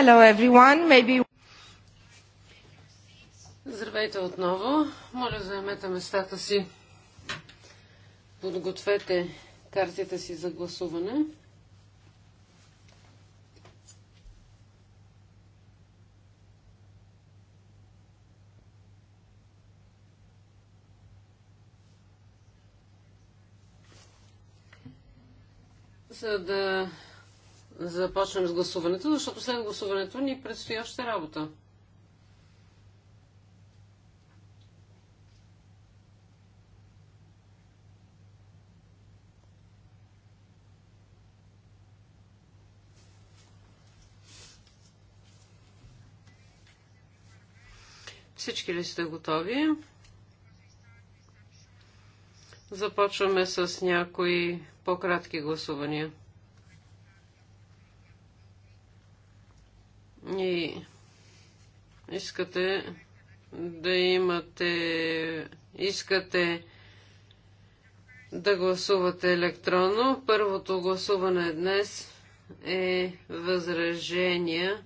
Hello everyone. Maybe... Здравейте отново. Моля, заемете местата си. Подгответе картите си за гласуване. за да започнем с гласуването, защото след гласуването ни предстои още работа. Всички ли сте готови? Започваме с някои по-кратки гласувания. искате да имате, искате да гласувате електронно. Първото гласуване днес е възражения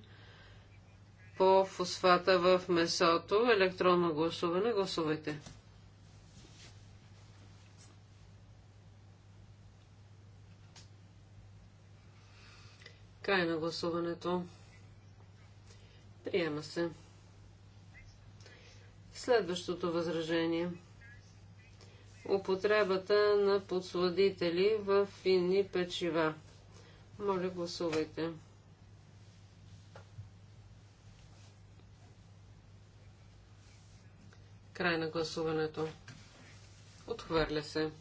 по фосфата в месото. Електронно гласуване. Гласувайте. Край на гласуването. Приема се. Следващото възражение. Употребата на подсладители в финни печива. Моля, гласувайте. Край на гласуването. Отхвърля се.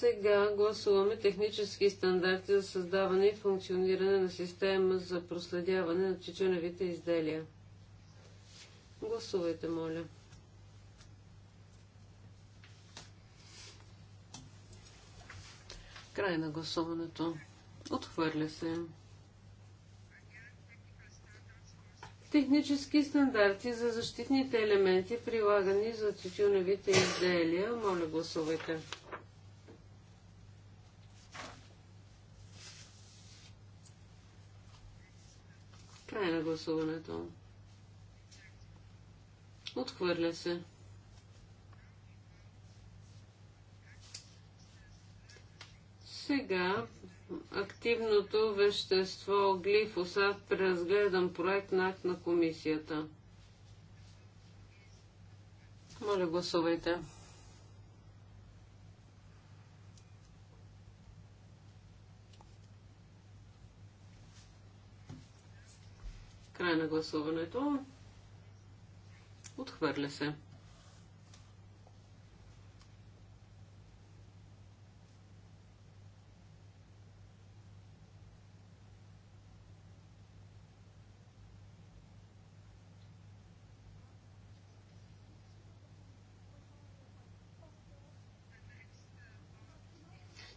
Сега гласуваме технически стандарти за създаване и функциониране на система за проследяване на тичуневите изделия. Гласувайте, моля. Край на гласуването. Отхвърля се. Технически стандарти за защитните елементи, прилагани за тютюневите изделия. Моля, гласувайте. гласуването. Отхвърля се. Сега активното вещество глифосат преразгледан проект на акт на комисията. Моля, гласувайте. Край на гласуването. Отхвърля се.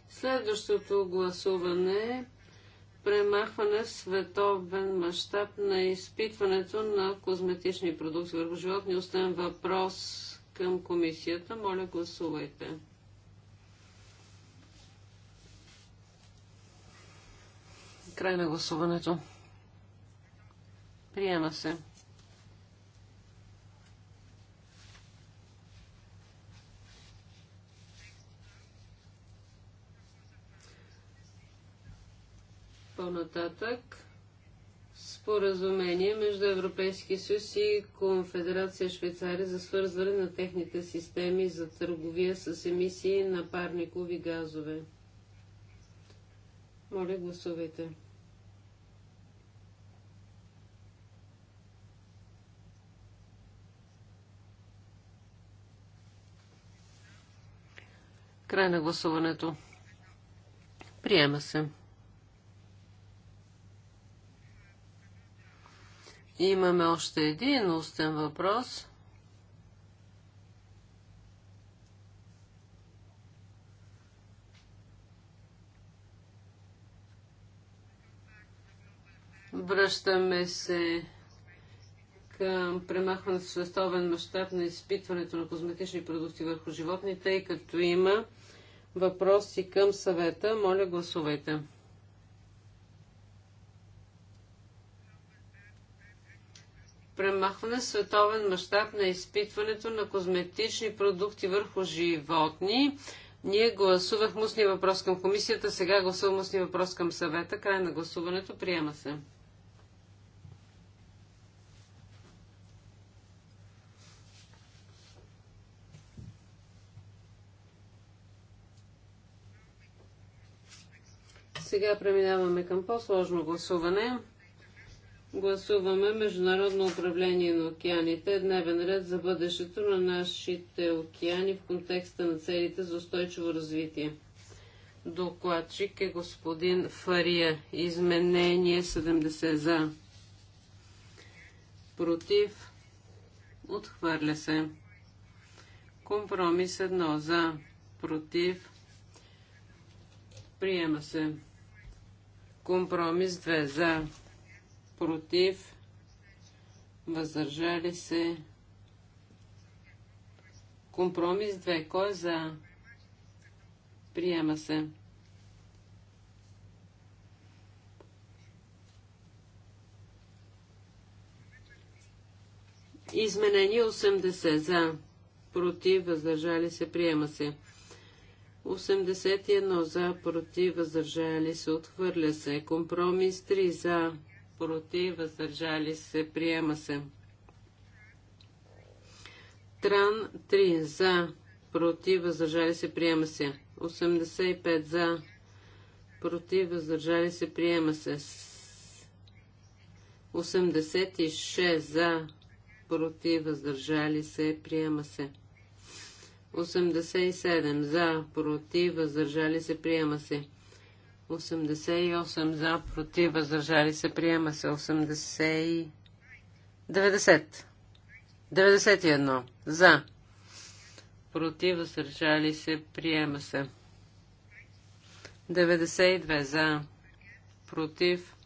Следващото гласуване премахване световен мащаб на изпитването на козметични продукти върху животни. Оставям въпрос към комисията. Моля, гласувайте. Край на гласуването. Приема се. По-нататък споразумение между Европейския съюз и Конфедерация Швейцария за свързване на техните системи за търговия с емисии на парникови газове. Моля, гласувайте. Край на гласуването. Приема се. Имаме още един устен въпрос. Връщаме се към премахването световен мащаб на изпитването на козметични продукти върху животните, тъй като има въпроси към съвета. Моля, гласувайте. премахване световен мащаб на изпитването на козметични продукти върху животни. Ние гласувахме устния въпрос към комисията, сега гласуваме устния въпрос към съвета. Край на гласуването. Приема се. Сега преминаваме към по-сложно гласуване гласуваме Международно управление на океаните, дневен ред за бъдещето на нашите океани в контекста на целите за устойчиво развитие. Докладчик е господин Фария. Изменение 70 за. Против. Отхвърля се. Компромис 1 за. Против. Приема се. Компромис 2 за против, въздържали се. Компромис 2. Кой е за? Приема се. Изменение 80 за. Против, въздържали се, приема се. 81 за, против, въздържали се, отхвърля се. Компромис 3 за, против, въздържали се, приема се. Тран 3 за, против, въздържали се, приема се. 85 за, против, въздържали се, приема се. 86 за, против, въздържали се, приема се. 87 за, против, въздържали се, приема се. 88 за, против, въздържали се, приема се 80... 90. 91 за, против, въздържали се, приема се 92 за, против,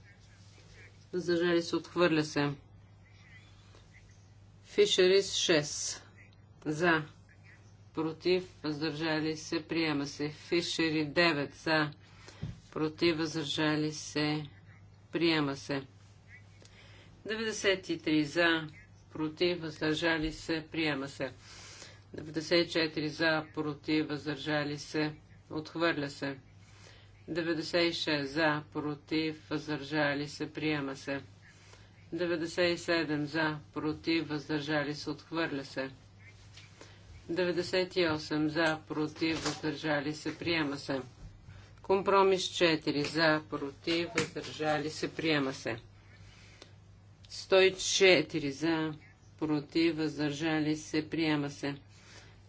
въздържали се, отхвърля се. Фишерис 6 за, против, въздържали се, приема се. Фишери 9 за, против, въздържали се, приема се. 93 за, против, въздържали се, приема се. 94 за, против, въздържали се, отхвърля се. 96 за, против, въздържали се, приема се. 97 за, против, въздържали се, отхвърля се. 98 за, против, въздържали се, приема се. Компромис 4 за, против, въздържали се, приема се. 104 за, против, въздържали се, приема се.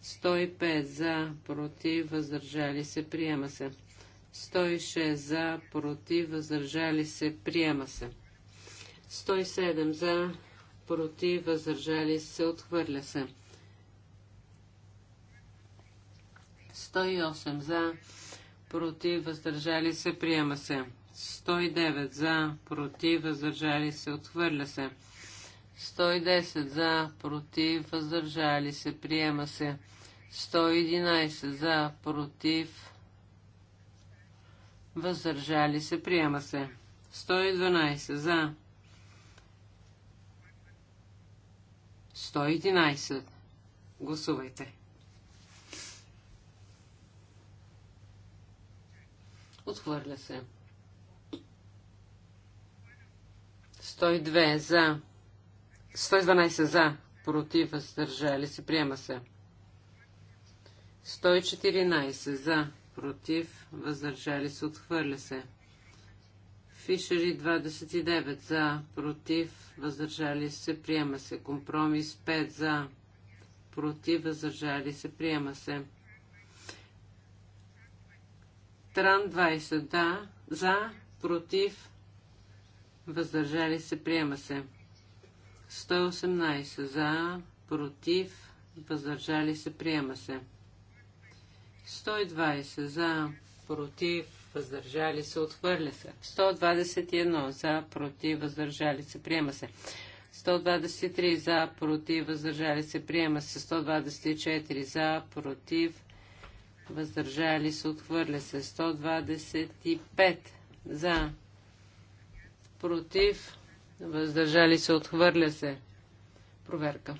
105 за, против, въздържали се, приема се. 106 за, против, въздържали се, приема се. 107 за, против, въздържали се, отхвърля се. 108 за, против, въздържали се, приема се. 109 за, против, въздържали се, отхвърля се. 110 за, против, въздържали се, приема се. 111 за, против, въздържали се, приема се. 112 за. 111. Гласувайте. Отхвърля се. 102 за. 112 за. Против. Въздържали се. Приема се. 114 за. Против. Въздържали се. Отхвърля се. Фишери 29 за, против, въздържали се, приема се. Компромис 5 за, против, въздържали се, приема се. Тран 20. Да. За. Против. Въздържали се. Приема се. 118. За. Против. Въздържали се. Приема се. 120. За. Против. Въздържали се. Отхвърля се. 121. За. Против. Въздържали се. Приема се. 123 за, против, въздържали се, приема се 124 за, против, въздържали се, отхвърля се. 125 за, против, въздържали се, отхвърля се. Проверка.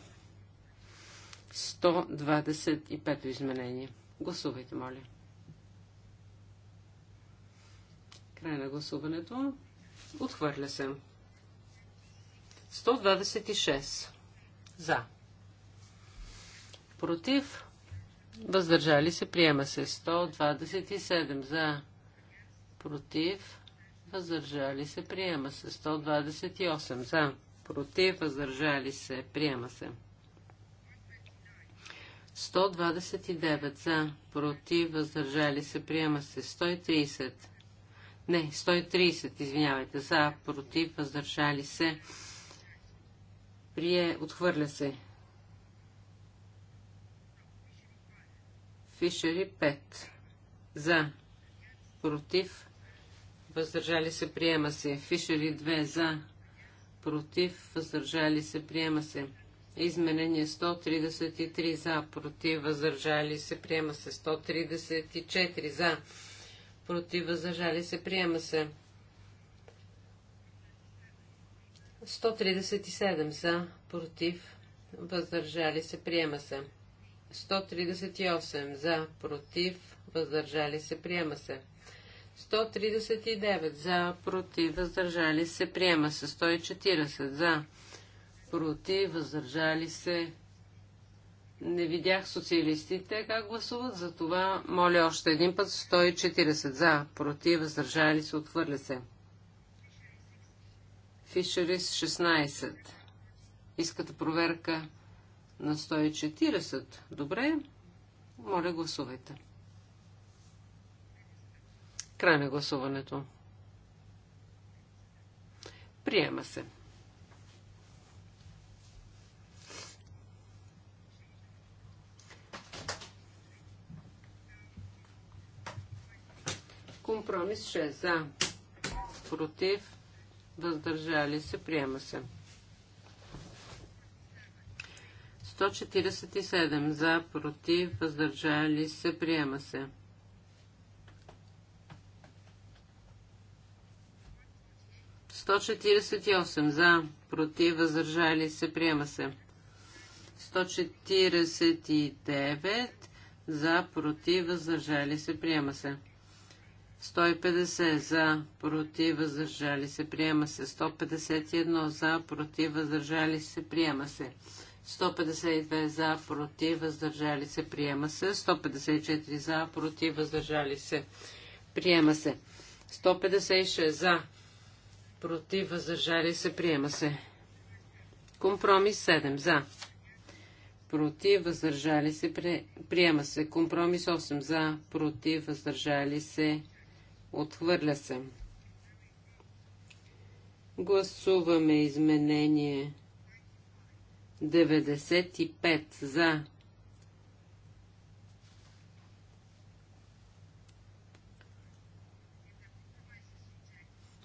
125 изменение. Гласувайте, моля. Край на гласуването. Отхвърля се. 126. За. Против. Въздържали се. Приема се. 127 за. Против. Въздържали се. Приема се. 128 за. Против. Въздържали се. Приема се. 129 за. Против. Въздържали се. Приема се. 130. Не, 130, извинявайте. За. Против. Въздържали се. Прие. Отхвърля се. Фишери 5. За. Против. Въздържали се. Приема се. Фишери 2. За. Против. Въздържали се. Приема се. Изменение 133 за, против, въздържали се, приема се 134 за, против, въздържали се, приема се 137 за, против, въздържали се, приема се 138 за, против, въздържали се, приема се. 139 за, против, въздържали се, приема се. 140 за, против, въздържали се. Не видях социалистите как гласуват, затова моля още един път 140 за, против, въздържали се, отвърля се. Фишерис 16. Искате проверка на 140. Добре. Моля, гласувайте. Край на гласуването. Приема се. Компромис 6. За. Против. Въздържали се. Приема се. 147 за, против, въздържали се, приема се. 148 за, против, въздържали се, приема се. 149 за, против, въздържали се, приема се. 150 за, против, въздържали се, приема се. 151 за, против, въздържали се, приема се. 152 за, против, въздържали се, приема се. 154 за, против, въздържали се, приема се. 156 за, против, въздържали се, приема се. Компромис 7 за, против, въздържали се, приема се. Компромис 8 за, против, въздържали се, отхвърля се. Гласуваме изменение 95 за.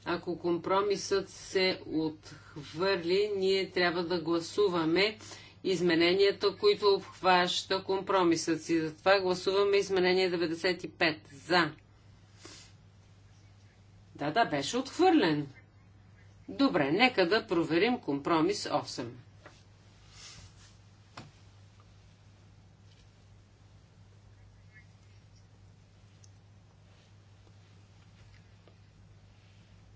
Ако компромисът се отхвърли, ние трябва да гласуваме измененията, които обхваща компромисът си. Затова гласуваме изменение 95 за. Да, да, беше отхвърлен. Добре, нека да проверим компромис 8.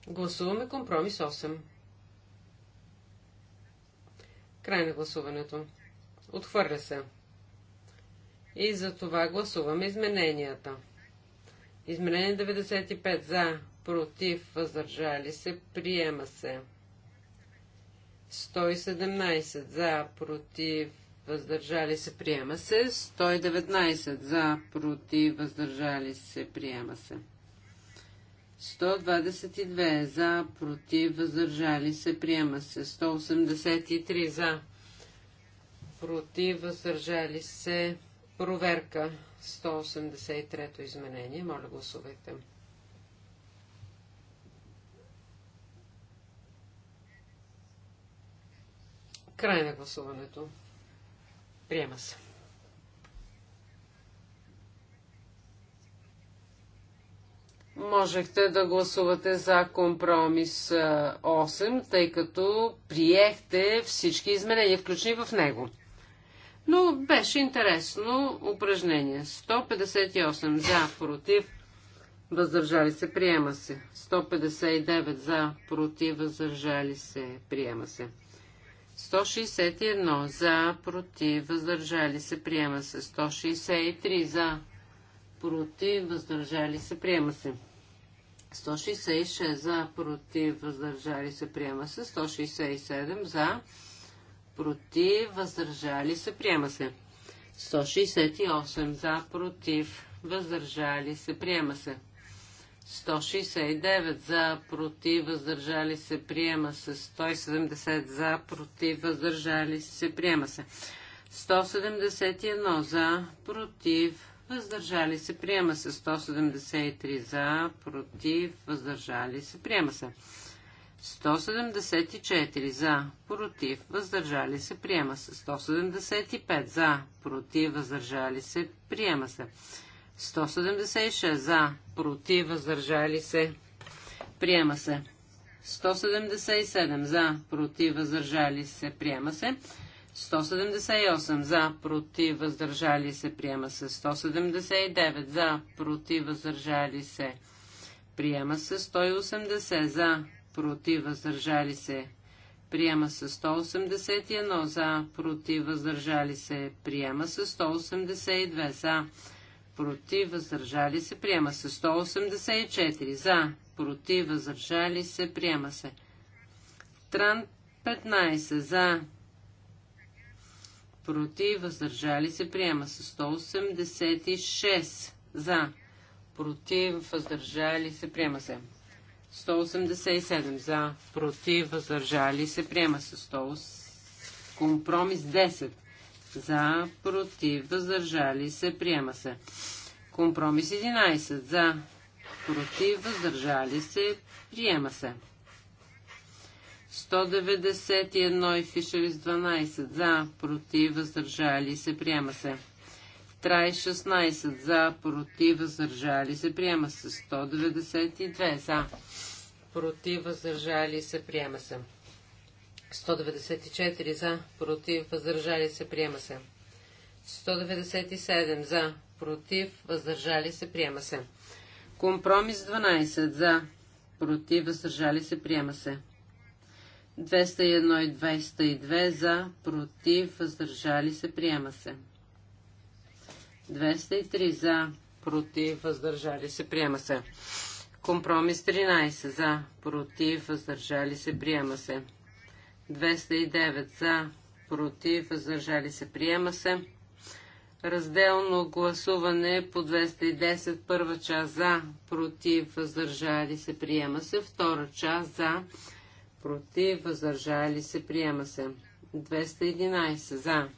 Гласуваме компромис 8. Край на гласуването. Отхвърля се. И за това гласуваме измененията. Изменение 95 за, против, въздържали се, приема се. 117 за, против, въздържали се, приема се. 119 за, против, въздържали се, приема се. 122 за, против, въздържали се, приема се. 183 за, против, въздържали се, проверка. 183 изменение. Моля, гласувайте. Край на гласуването. Приема се. можехте да гласувате за компромис 8, тъй като приехте всички изменения, включени в него. Но беше интересно упражнение. 158 за, против, въздържали се, приема се. 159 за, против, въздържали се, приема се. 161 за, против, въздържали се, приема се. 163 за, против, въздържали се, приема се. 166 за, против, въздържали се, приема се. 167 за, против, въздържали се, приема се. 168 за, против, въздържали се, приема се. 169 за, против, въздържали се, приема се. 170 за, против, въздържали се, приема се. 171 за, против, въздържали се, приема се 173 за, против, въздържали се, приема се 174 за, против, въздържали се, приема се 175 за, против, въздържали се, приема се 176 за, против, въздържали се, приема се 177 за, против, въздържали се, приема се 178 за, против, въздържали се, приема се 179 за, против, въздържали се, приема се 180 за, против, въздържали се, приема се 181 за, против, въздържали се, приема се 182 за, против, въздържали се, приема се 184 за, против, въздържали се, приема се. Тран 15 за, против, въздържали се, приема се. 186 за, против, въздържали се, приема се. 187 за, против, въздържали се, приема се. 100... Компромис 10 за, против, въздържали се, приема се. Компромис 11 за, против, въздържали се, приема се. 191 и из 12 за, против, въздържали се, приема се. Трай 16 за, против, въздържали се, приема се. 192 за, против, въздържали се, приема се. 194 за, против, въздържали се, приема се. 197 за, против, въздържали се, приема се. Компромис 12 за, против, въздържали се, приема се. 201 и 202 за, против, въздържали се, приема се. 203 за, против, въздържали се, приема се. Компромис 13 за, против, въздържали се, приема се. 209 за, против, въздържали се, приема се. Разделно гласуване по 210, първа част за, против, въздържали се, приема се, втора част за, против, против, въздържали се, приема се. 211 за,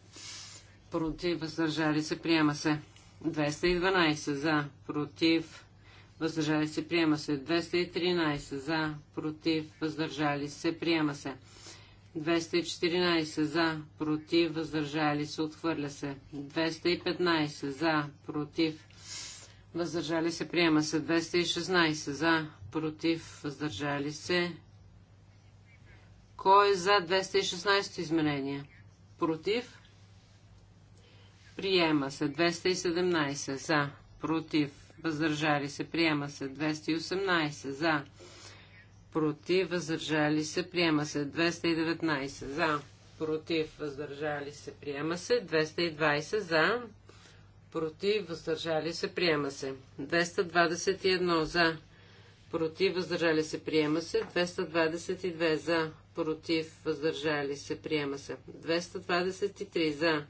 против, въздържали се, приема се. 212 за, против, въздържали се, приема се. 213 за, против, въздържали се, приема се. 214 за, против, въздържали се, отхвърля се. 215 за, против, въздържали се, приема се. 216 за, против, въздържали се, кой е за 216 изменение? Против? Приема се. 217 за. Против. Въздържали се. Приема се. 218 за. Против. Въздържали се. Приема се. 219 за. Против. Въздържали се. Приема се. 220 за. Против. Въздържали се. Приема се. 221 за против, въздържали се, приема се. 222 за, против, въздържали се, приема се. 223 за,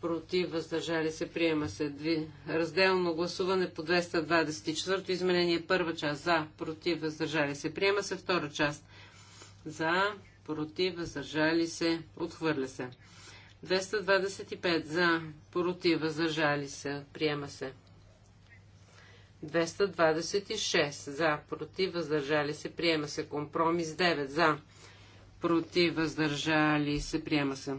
против, въздържали се, приема се. Дви... Разделно гласуване по 224 изменение, първа част за, против, въздържали се, приема се, втора част за, против, въздържали се, отхвърля се. 225 за, против, въздържали се, приема се. 226 за, против, въздържали се, приема се. Компромис 9 за, против, въздържали се, приема се.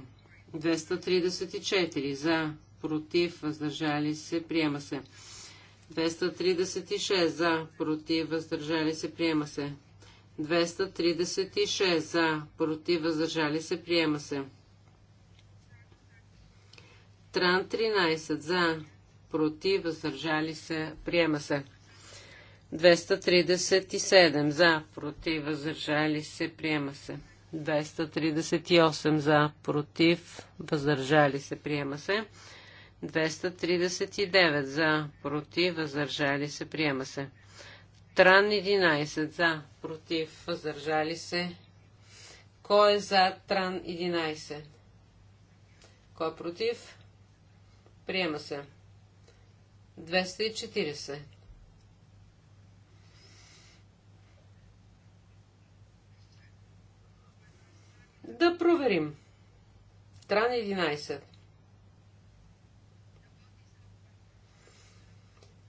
234 за, против, въздържали се, приема се. 236 за, против, въздържали се, приема се. 236 за, против, въздържали се, приема се. Тран 13 за, против, въздържали се, приема се. 237 за, против, въздържали се, приема се. 238 за, против, въздържали се, приема се. 239 за, против, въздържали се, приема се. Тран 11 за, против, въздържали се. Кой е за Тран 11? Кой е против? Приема се. 240. Да проверим. Тран 11.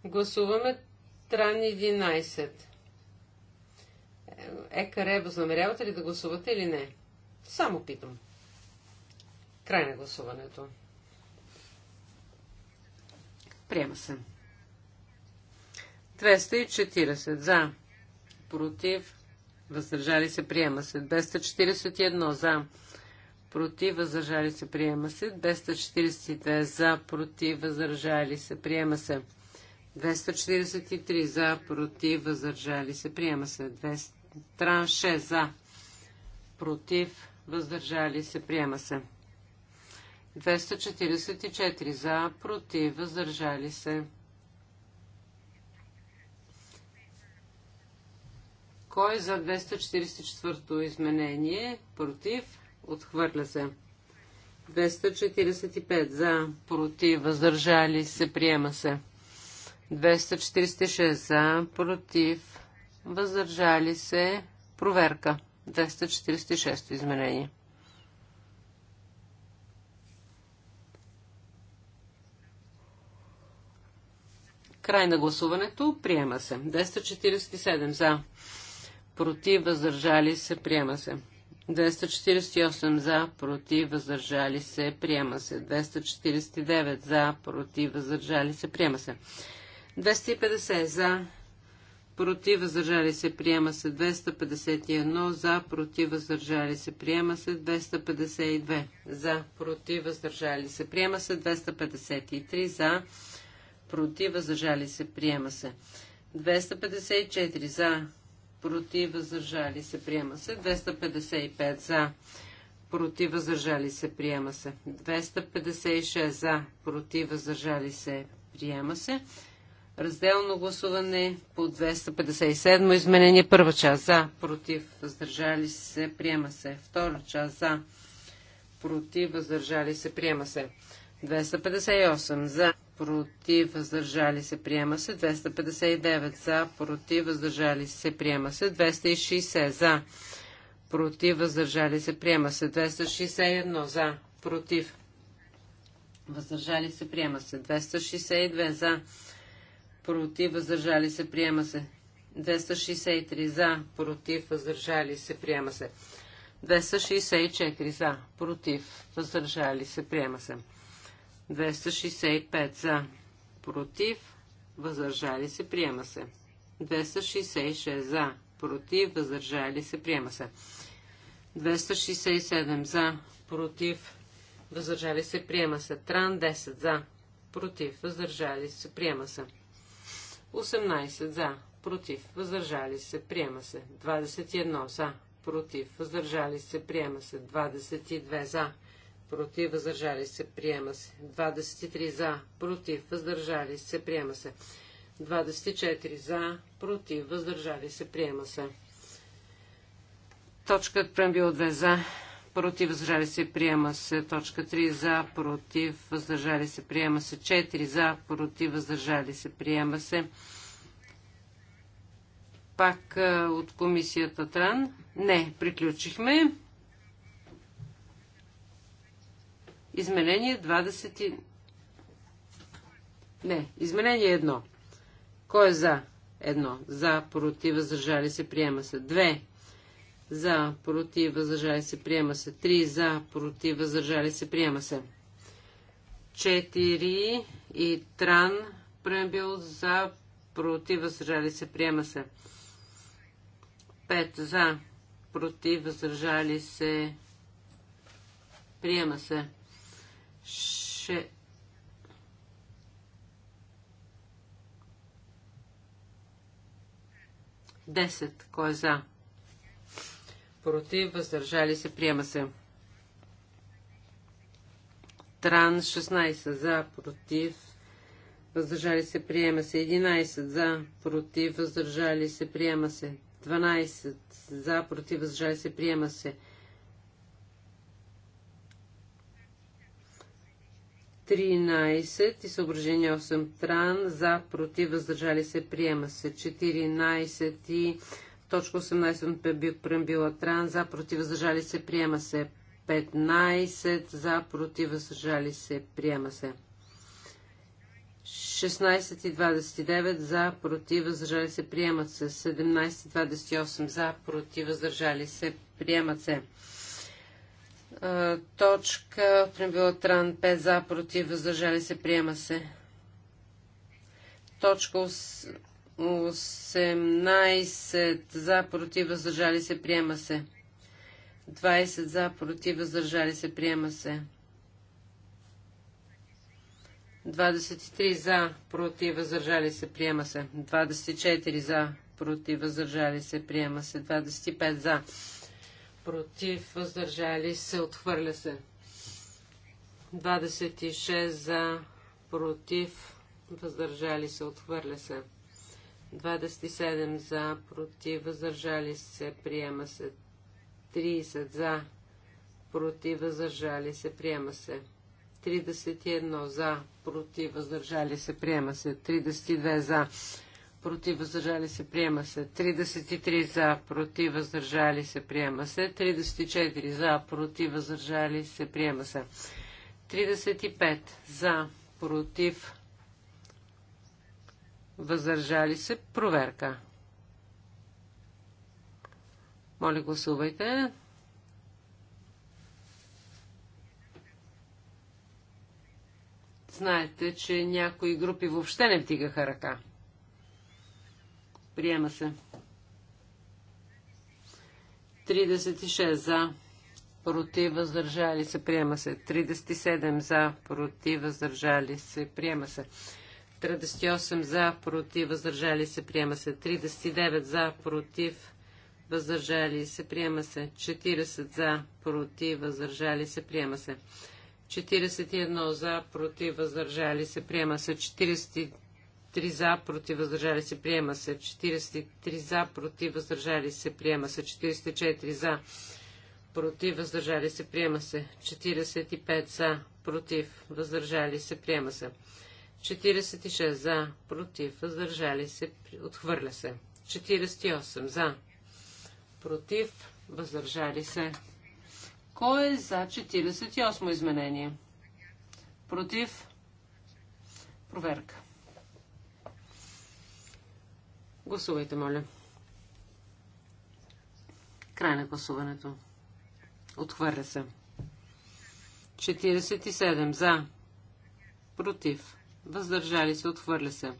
Гласуваме Тран 11. Е, Екаре, възнамерявате ли да гласувате или не? Само питам. Край на гласуването. Приема се. 240 за. Против. Въздържали се. Приема се. 241 за. Против. Въздържали се. Приема се. 242 за. Против. Въздържали се. Приема се. 243 за. Против. Въздържали се. Приема се. 200... Тран 6 за. Против. Въздържали се. Приема се. 244 за, против, въздържали се. Кой е за 244-то изменение? Против, отхвърля се. 245 за, против, въздържали се, приема се. 246 за, против, въздържали се, проверка. 246 изменение. Край на гласуването. Приема се. 247 за. Против. Въздържали се. Приема се. 248 за. Против. Въздържали се. Приема се. 249 за. Против. Въздържали се. Приема се. 250 за против въздържали се приема се 251, за против въздържали се приема се 252, за против въздържали се приема се 253, за против, въздържали се, приема се. 254 за, против, въздържали се, приема се. 255 за, против, въздържали се, приема се. 256 за, против, въздържали се, приема се. Разделно гласуване по 257 изменение. Първа част за, против, въздържали се, приема се. Втора част за, против, въздържали се, приема се. 258 за, против, въздържали се, приема се. 259 за, против, въздържали се, приема се. 260 за, против, въздържали се, приема се. 261 за, против, въздържали се, приема се. 262 за, против, въздържали се, приема се. 263 за, против, въздържали се, приема се. 264 за, против, въздържали се, приема се. 265 за, против, въздържали се, приема се. 266 за, против, въздържали се, приема се. 267 за, против, въздържали се, приема се. Тран 10 за, против, въздържали се, приема се. 18 за, против, въздържали се, приема се. 21 за, против, въздържали се, приема се. 22 за, против, въздържали се, приема се. 23 за, против, въздържали се, приема се. 24 за, против, въздържали се, приема се. Точка преамбил 2 за, против, въздържали се, приема се. Точка 3 за, против, въздържали се, приема се. 4 за, против, въздържали се, приема се. Пак от комисията Тран. Не, приключихме. Изменение 20... Не, изменение 1. Кой е за? 1. За, против, въздържали се, приема се. 2. За, против, въздържали се, приема се. 3. За, против, въздържали се, приема се. 4. И тран, преамбил, за, против, въздържали се, приема се. 5. За, против, въздържали се, приема се shit. Десет. Кой е за? Против. Въздържали се. Приема се. Тран 16 за, против, въздържали се, приема се. 11 за, против, въздържали се, приема се. 12 за, против, въздържали се, приема се. 13 и съображение 8 тран за против въздържали се приема се 14 и точка 18 от прембила тран за против въздържали се приема се 15 за против въздържали се приема се 16 и 29 за против въздържали се приемат се 17 и 28 за против въздържали се приемат се точка. Прембила Тран 5 за, против, въздържали се, приема се. Точка 18 за, против, въздържали се, приема се. 20 за, против, въздържали се, приема се. 23 за, против, въздържали се, приема се. 24 за, против, въздържали се, приема се. 25 за, против, въздържали се, отхвърля се. 26 за, против, въздържали се, отхвърля се. 27 за, против, въздържали се, приема се. 30 за, против, въздържали се, приема се. 31 за, против, въздържали се, приема се. 32 за, против, въздържали се, приема се. 33 за, против, въздържали се, приема се. 34 за, против, въздържали се, приема се. 35 за, против, въздържали се, проверка. Моля, гласувайте. Знаете, че някои групи въобще не вдигаха ръка. Приема се. 36 за, против, въздържали се, приема се. 37 за, против, въздържали се, приема се. 38 за, против, въздържали се, приема се. 39 за, против, въздържали се, приема се. 40 за, против, въздържали се, приема се. 41 за, против, въздържали се, приема се. 3 за, против, въздържали се, приема се. 43 за, против, въздържали се, приема се. 44 за, против, въздържали се, приема се. 45 за, против, въздържали се, приема се. 46 за, против, въздържали се, отхвърля се. 48 за, против, въздържали се. Кой е за 48 изменение? Против? Проверка. Гласувайте, моля. Край на гласуването. Отхвърля се. 47 за. Против. Въздържали се. Отхвърля се.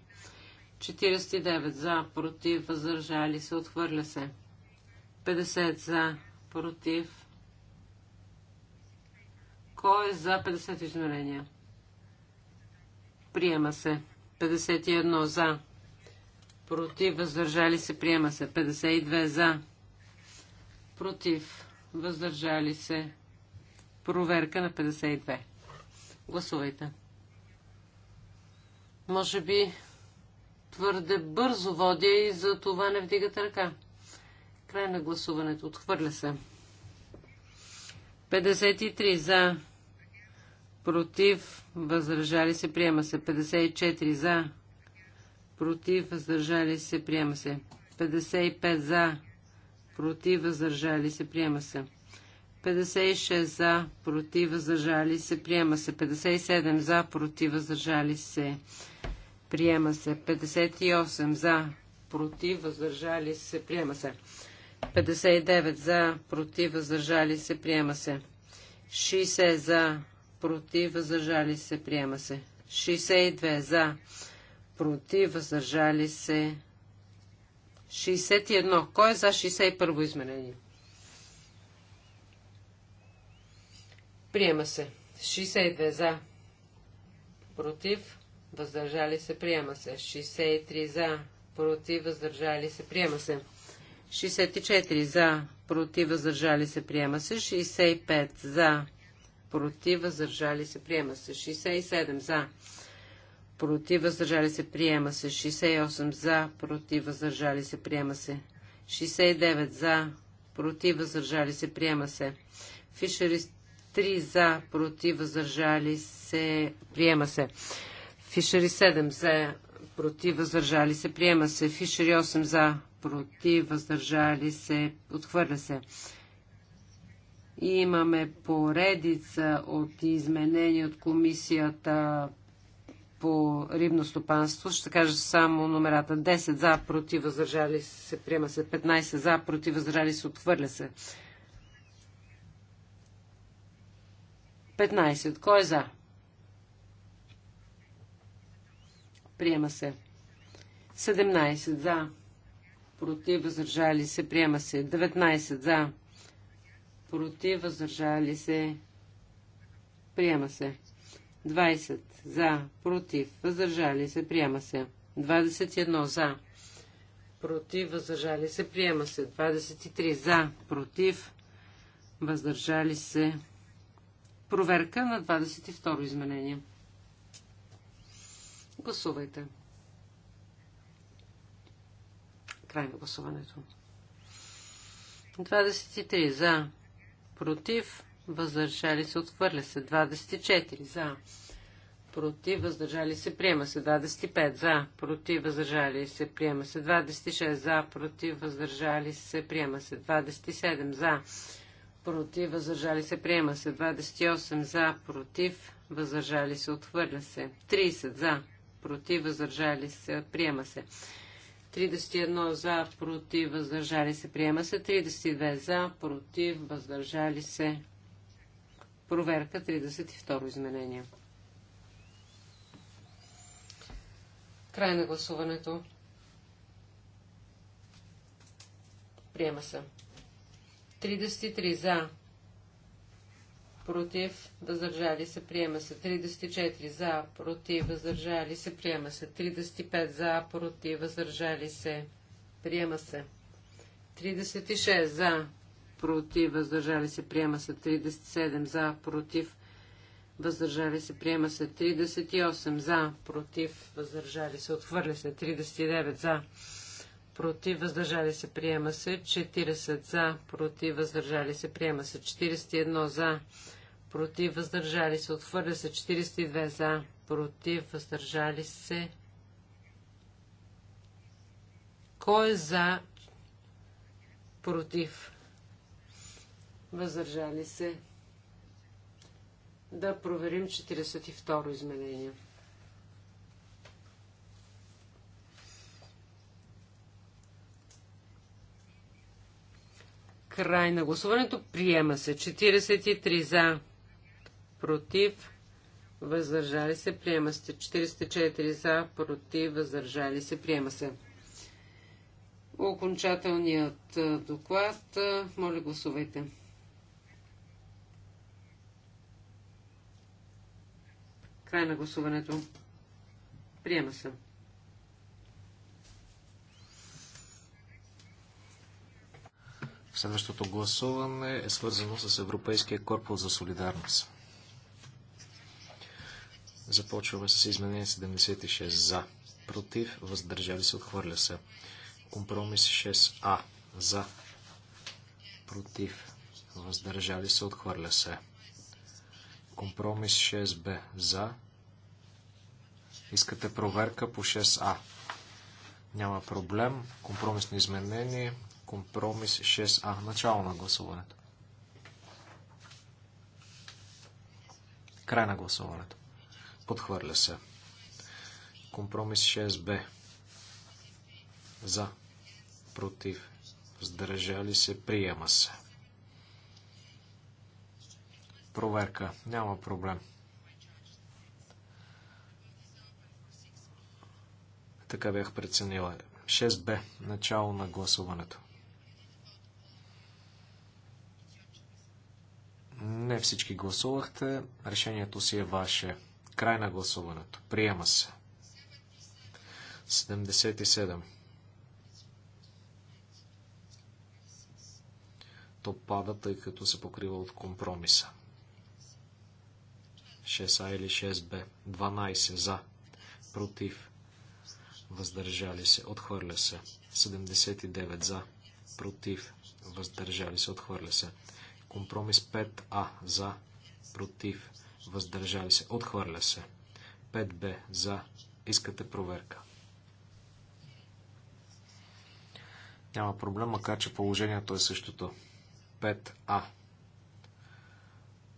49 за. Против. Въздържали се. Отхвърля се. 50 за. Против. Кой е за 50 измерения. Приема се. 51 за против, въздържали се, приема се. 52 за, против, въздържали се. Проверка на 52. Гласувайте. Може би твърде бързо водя и за това не вдигате ръка. Край на гласуването. Отхвърля се. 53 за, против, въздържали се, приема се. 54 за, против, въздържали се, приема се. 55 за, против, въздържали се, приема се. 56 за, против, въздържали се, приема се. 57 за, против, въздържали се, приема се. 58 за, против, въздържали се, приема се. 59 за, против, въздържали се, приема се. 60 за, против, въздържали се, приема се. 62 за, против, въздържали се. 61. Кой е за 61 изменение? Приема се. 62 за. Против. Въздържали се. Приема се. 63 за. Против. Въздържали се. Приема се. 64 за. Против. Въздържали се. Приема се. 65 за. Против. Въздържали се. Приема се. 67 за против, въздържали се, приема се. 68 за, против, въздържали се, приема се. 69 за, против, въздържали се, приема се. Фишери 3 за, против, въздържали се, приема се. Фишери 7 за, против, въздържали се, приема се. Фишери 8 за, против, въздържали се, отхвърля се. И имаме поредица от изменения от комисията по рибно стопанство. Ще кажа само номерата 10 за, против, възражали се, приема се 15 за, против, възражали се, отхвърля се. 15. Кой е за? Приема се. 17 за. Против, възражали се. Приема се. 19 за. Против, възражали се. Приема се. 20 за, против, въздържали се, приема се. 21 за, против, въздържали се, приема се. 23 за, против, въздържали се. Проверка на 22 изменение. Гласувайте. Край на гласуването. 23 за, против, въздържали се, отхвърля се. 24 за, против, въздържали се, приема се. 25 за, против, въздържали се, приема се. 26 за, против, въздържали се, приема се. 27 за, против, въздържали се, приема се. 28 за, против, въздържали се, отхвърля се. 30 за, против, въздържали се, приема се. 31 за, против, въздържали се, приема се. 32 за, против, въздържали се, Проверка 32 изменение. Край на гласуването. Приема се. 33 за. Против. Въздържали се. Приема се. 34 за. Против. Въздържали се. Приема се. 35 за. Против. Въздържали се. Приема се. 36 за против, въздържали се, приема се 37 за, против, въздържали се, приема се 38 за, против, въздържали се, отхвърля се 39 за, против, въздържали се, приема се 40 за, против, въздържали се, приема се 41 за, против, въздържали се, отхвърля се 42 за, против, въздържали се. Кой е за, против? Въздържали се. Да проверим 42 изменение. Край на гласуването. Приема се. 43 за. Против. Въздържали се. Приема се. 44 за. Против. Въздържали се. Приема се. Окончателният доклад. Моля, гласувайте. Край на гласуването. Приема се. Следващото гласуване е свързано с Европейския корпус за солидарност. Започваме с изменение 76 за. Против, въздържали се, отхвърля се. Компромис 6а за. Против, въздържали се, отхвърля се. Компромис 6Б за. Искате проверка по 6А. Няма проблем. Компромисно изменение. Компромис 6А. Начало на гласуването. Край на гласуването. Подхвърля се. Компромис 6Б. За. Против. Вздържали се. Приема се проверка. Няма проблем. Така бях преценила. 6Б. Начало на гласуването. Не всички гласувахте. Решението си е ваше. Край на гласуването. Приема се. 77. То пада, тъй като се покрива от компромиса. 6А или 6Б. 12 за, против, въздържали се, отхвърля се. 79 за, против, въздържали се, отхвърля се. Компромис 5А за, против, въздържали се, отхвърля се. 5Б за, искате проверка. Няма проблем, макар че положението е същото. 5А.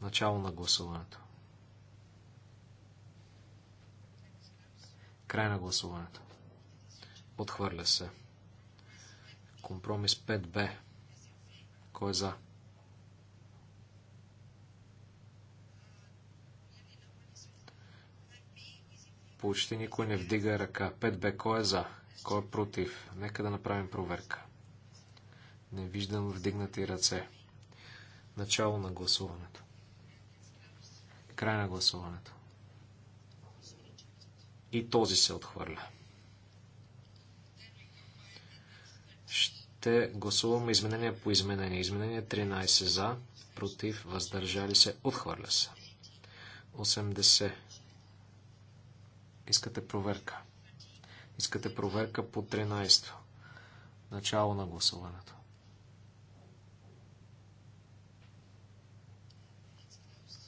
Начало на гласуването. Край на гласуването. Отхвърля се. Компромис 5Б. Кой е за? Почти никой не вдига ръка. 5Б. Кой е за? Кой е против? Нека да направим проверка. Не виждам вдигнати ръце. Начало на гласуването. Край на гласуването. И този се отхвърля. Ще гласуваме изменение по изменение. Изменение 13 за, против, въздържали се, отхвърля се. 80. Искате проверка. Искате проверка по 13. Начало на гласуването.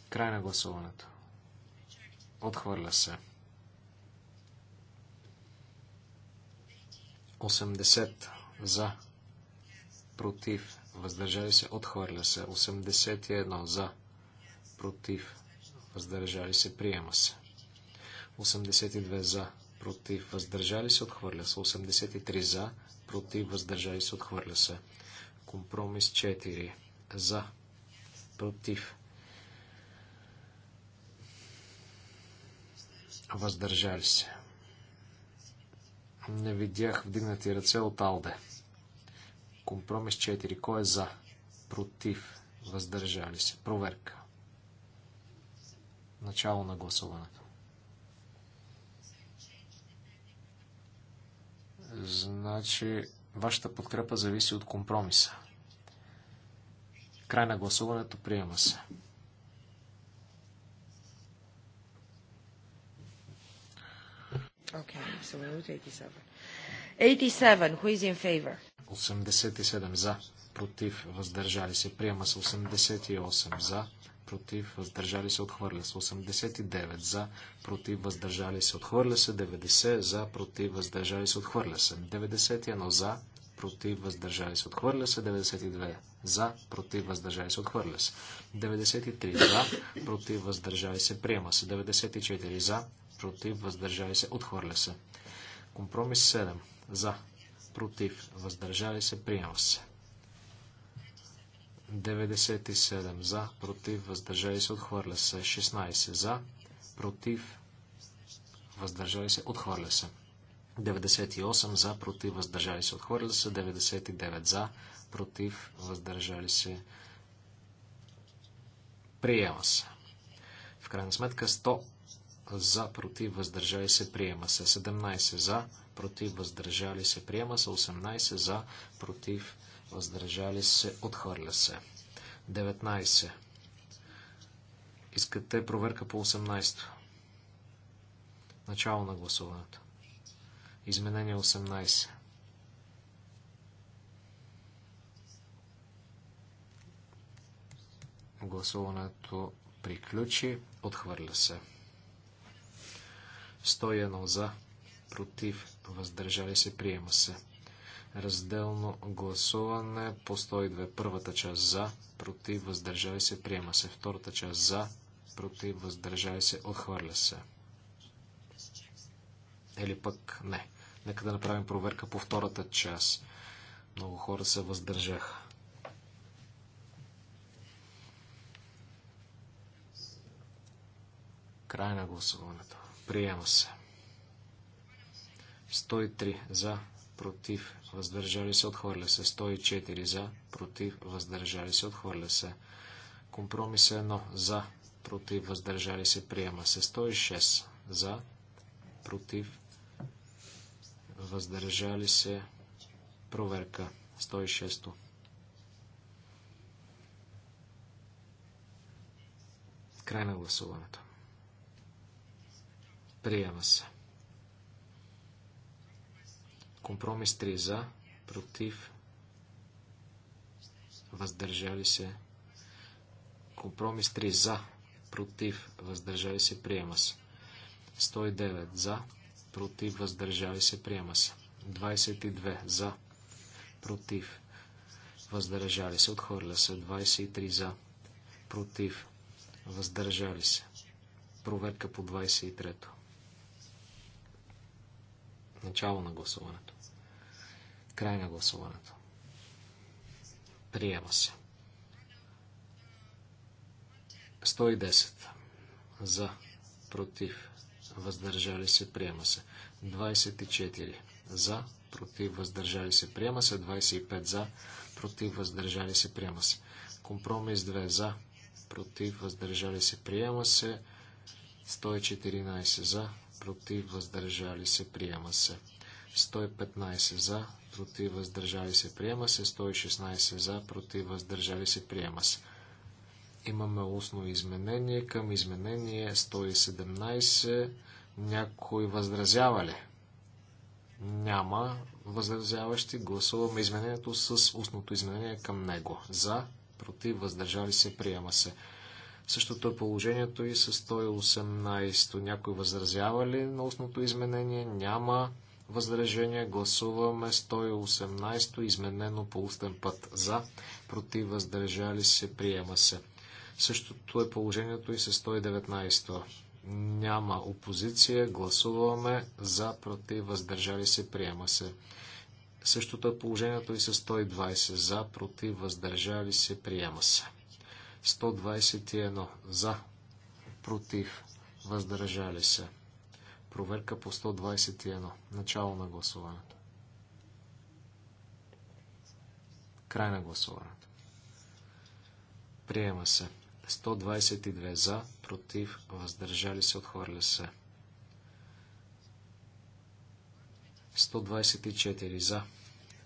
Край на гласуването. Отхвърля се. 80 за, против, въздържали се, отхвърля се. 81 за, против, въздържали се, приема се. 82 за, против, въздържали се, отхвърля се. 83 за, против, въздържали се, отхвърля се. Компромис 4 за, против, въздържали се. Не видях вдигнати ръце от Алде. Компромис 4. Кой е за? Против? Въздържали се. Проверка. Начало на гласуването. Значи, вашата подкрепа зависи от компромиса. Край на гласуването приема се. Okay, so 87. 87, who is in favor? 87 за, против, въздържали се. Приема се 88 за, против, въздържали се, отхвърля се. 89 за, против, въздържали се, отхвърля се. 90 за, против, въздържали се, отхвърля се. 91 за, против, въздържали се, отхвърля се. 92 за, против, въздържали се, отхвърля се. 93 за, против, въздържали се, приема се. 94 за, против, въздържали се, отхвърля се. Компромис 7. За, против, въздържали се, приема се. 97 за, против, въздържали се, отхвърля се. 16 за, против, въздържали се, отхвърля се. 98 за, против, въздържали се, отхвърля се. 99 за, против, въздържали се, приема се. В крайна сметка 100 за, против, въздържали се, приема се. 17 за, против, въздържали се, приема се. 18 за, против, въздържали се, отхвърля се. 19. Искате проверка по 18. Начало на гласуването. Изменение 18. Гласуването приключи, отхвърля се. 101 за, против, въздържали се, приема се. Разделно гласуване по 102. Първата част за, против, въздържали се, приема се. Втората част за, против, въздържали се, отхвърля се. Или пък не. Нека да направим проверка по втората част. Много хора се въздържаха. Край на гласуването. Приема се. 103 за, против, въздържали се, отхвърля се. 104 за, против, въздържали се, отхвърля се. Компромис 1 за, против, въздържали се, приема се. 106 за, против, въздържали се, проверка. 106. Край на гласуването. Приема се. Компромис 3 за, против, въздържали се. Компромис 3 за, против, въздържали се, приема се. 109 за, против, въздържали се, приема се. 22 за, против, въздържали се, отхвърля се. 23 за, против, въздържали се. Проверка по 23-то. Начало на гласуването. Край на гласуването. Приема се. 110. За. Против. Въздържали се. Приема се. 24. За. Против. Въздържали се. Приема се. 25. За. Против. Въздържали се. Приема се. Компромис 2. За. Против. Въздържали се. Приема се. 114. За против, въздържали се, приема се. 115 за, против, въздържали се, приема се. 116 за, против, въздържали се, приема се. Имаме устно изменение към изменение 117. Някой възразява ли? Няма възразяващи. Гласуваме изменението с устното изменение към него. За, против, въздържали се, приема се. Същото е положението и с 118. Някой възразява ли на устното изменение? Няма възражения. Гласуваме 118 изменено по устен път за. Против въздържали се. Приема се. Същото е положението и с 119. Няма опозиция. Гласуваме за. Против въздържали се. Приема се. Същото е положението и с 120. За. Против въздържали се. Приема се. 121 за, против, въздържали се. Проверка по 121. Начало на гласуването. Край на гласуването. Приема се. 122 за, против, въздържали се, отхвърля се. 124 за,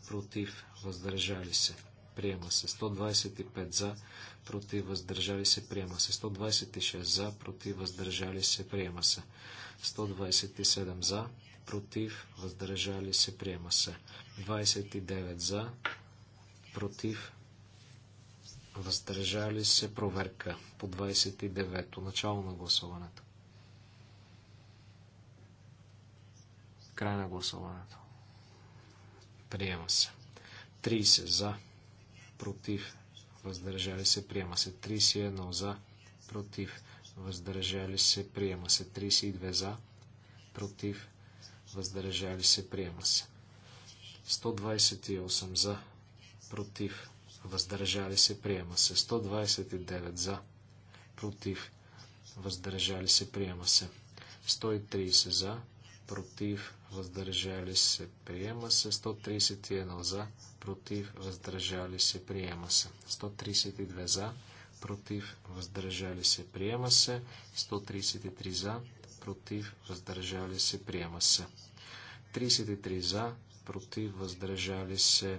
против, въздържали се. Приема се. 125 за, против въздържали се, приема се. 126 за, против въздържали се, приема се. 127 за, против въздържали се, приема се. 29 за, против въздържали се, проверка по 29-то, начало на гласуването. Край на гласуването. Приема се. 30 за, против, въздържали се, приема се 31 за, против, въздържали се, приема се 32 за, против, въздържали се, приема се 128 за, против, въздържали се, приема се 129 за, против, въздържали се, приема се 130 за, против, въздържали се, приема се. 131 за, против, въздържали се, приема се. 132 за, против, въздържали се, приема се. 133 за, против, въздържали се, приема се. 33 за, против, въздържали се, приема се.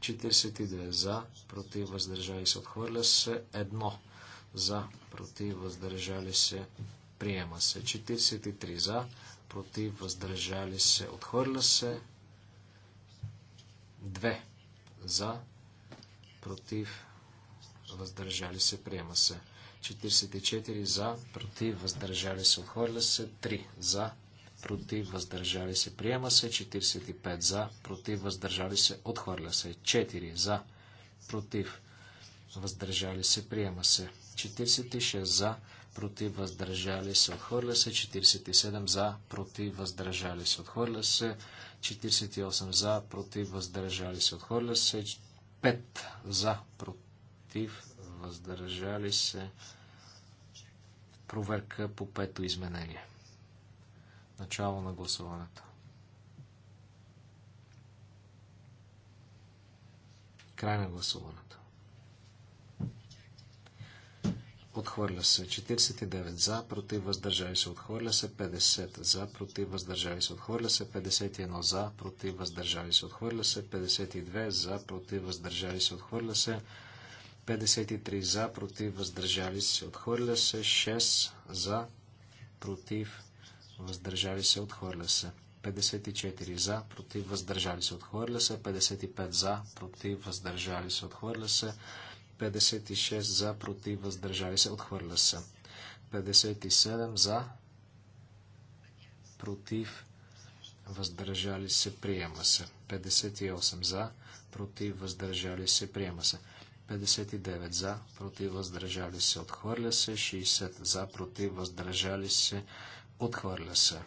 42 за, против, въздържали се, отхвърля се. 1 за, против, въздържали се, приема се. 43 за, против, въздържали се, отхвърля се. 2 за, против, въздържали се, приема се. 44 за, против, въздържали се, отхвърля се. 3 за, против, въздържали се, приема се, 45 за, против, въздържали се, отхвърля се, 4 за, против, въздържали се, приема се, 46 за, против, въздържали се, отхвърля се, 47 за, против, въздържали се, отхвърля се, 48 за, против, въздържали се, отхвърля се, 5 за, против, въздържали се, проверка по пето изменение. Начало на гласуването. Край на гласуването. Отхвърля се 49 за, против въздържали се. Отхвърля се 50 за, против въздържали се. Отхвърля се 51 за, против въздържали се. Отхвърля се 52 за, против въздържали се. Отхвърля се 53 за, против въздържали се. Отхвърля се 6 за, против въздържали се, отхвърля се. 54 за, против, въздържали се, отхвърля се. 55 за, против, въздържали се, отхвърля се. 56 за, против, въздържали се, отхвърля се. 57 за, против, въздържали се, приема се. 58 за, против, въздържали се, приема се. 59 за, против, въздържали се, отхвърля се. 60 за, против, въздържали се, Отхвърля се.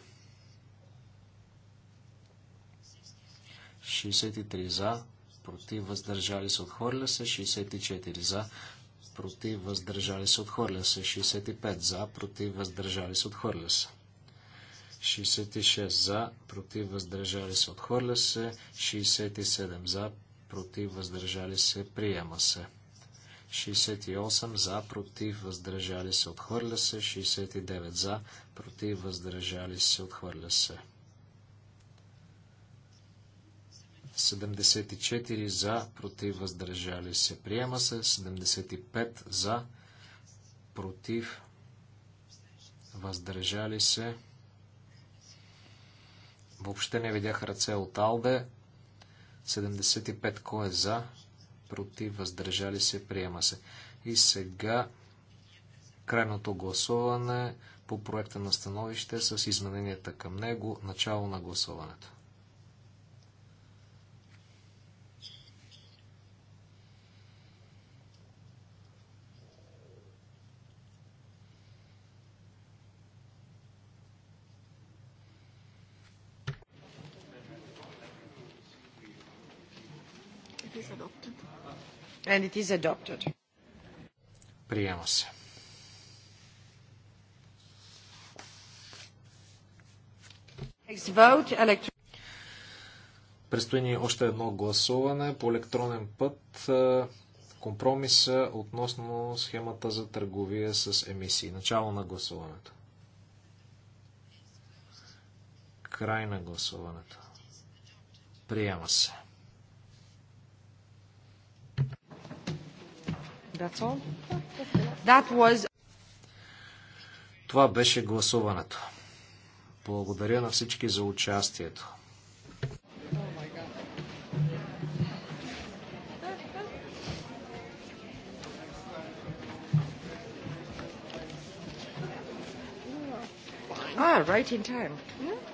63 за, против, въздържали се, отхвърля се. 64 за, против, въздържали се, отхвърля се. 65 за, против, въздържали се, отхвърля се. 66 за, против, въздържали се, отхвърля се. 67 за, против, въздържали се, приема се. 68 за, против, въздържали се, отхвърля се. 69 за, против, въздържали се, отхвърля се. 74 за, против, въздържали се, приема се. 75 за, против, въздържали се. Въобще не видях ръце от Алде. 75 кой е за, против, въздържали се, приема се. И сега крайното гласуване по проекта на становище с измененията към него, начало на гласуването. and it is adopted. Приема се. Предстои ни още едно гласуване по електронен път. Е, компромиса относно схемата за търговия с емисии. Начало на гласуването. Край на гласуването. Приема се. That's all. That was... Това беше гласуването. Благодаря на всички за участието. Ah, right in time. Yeah.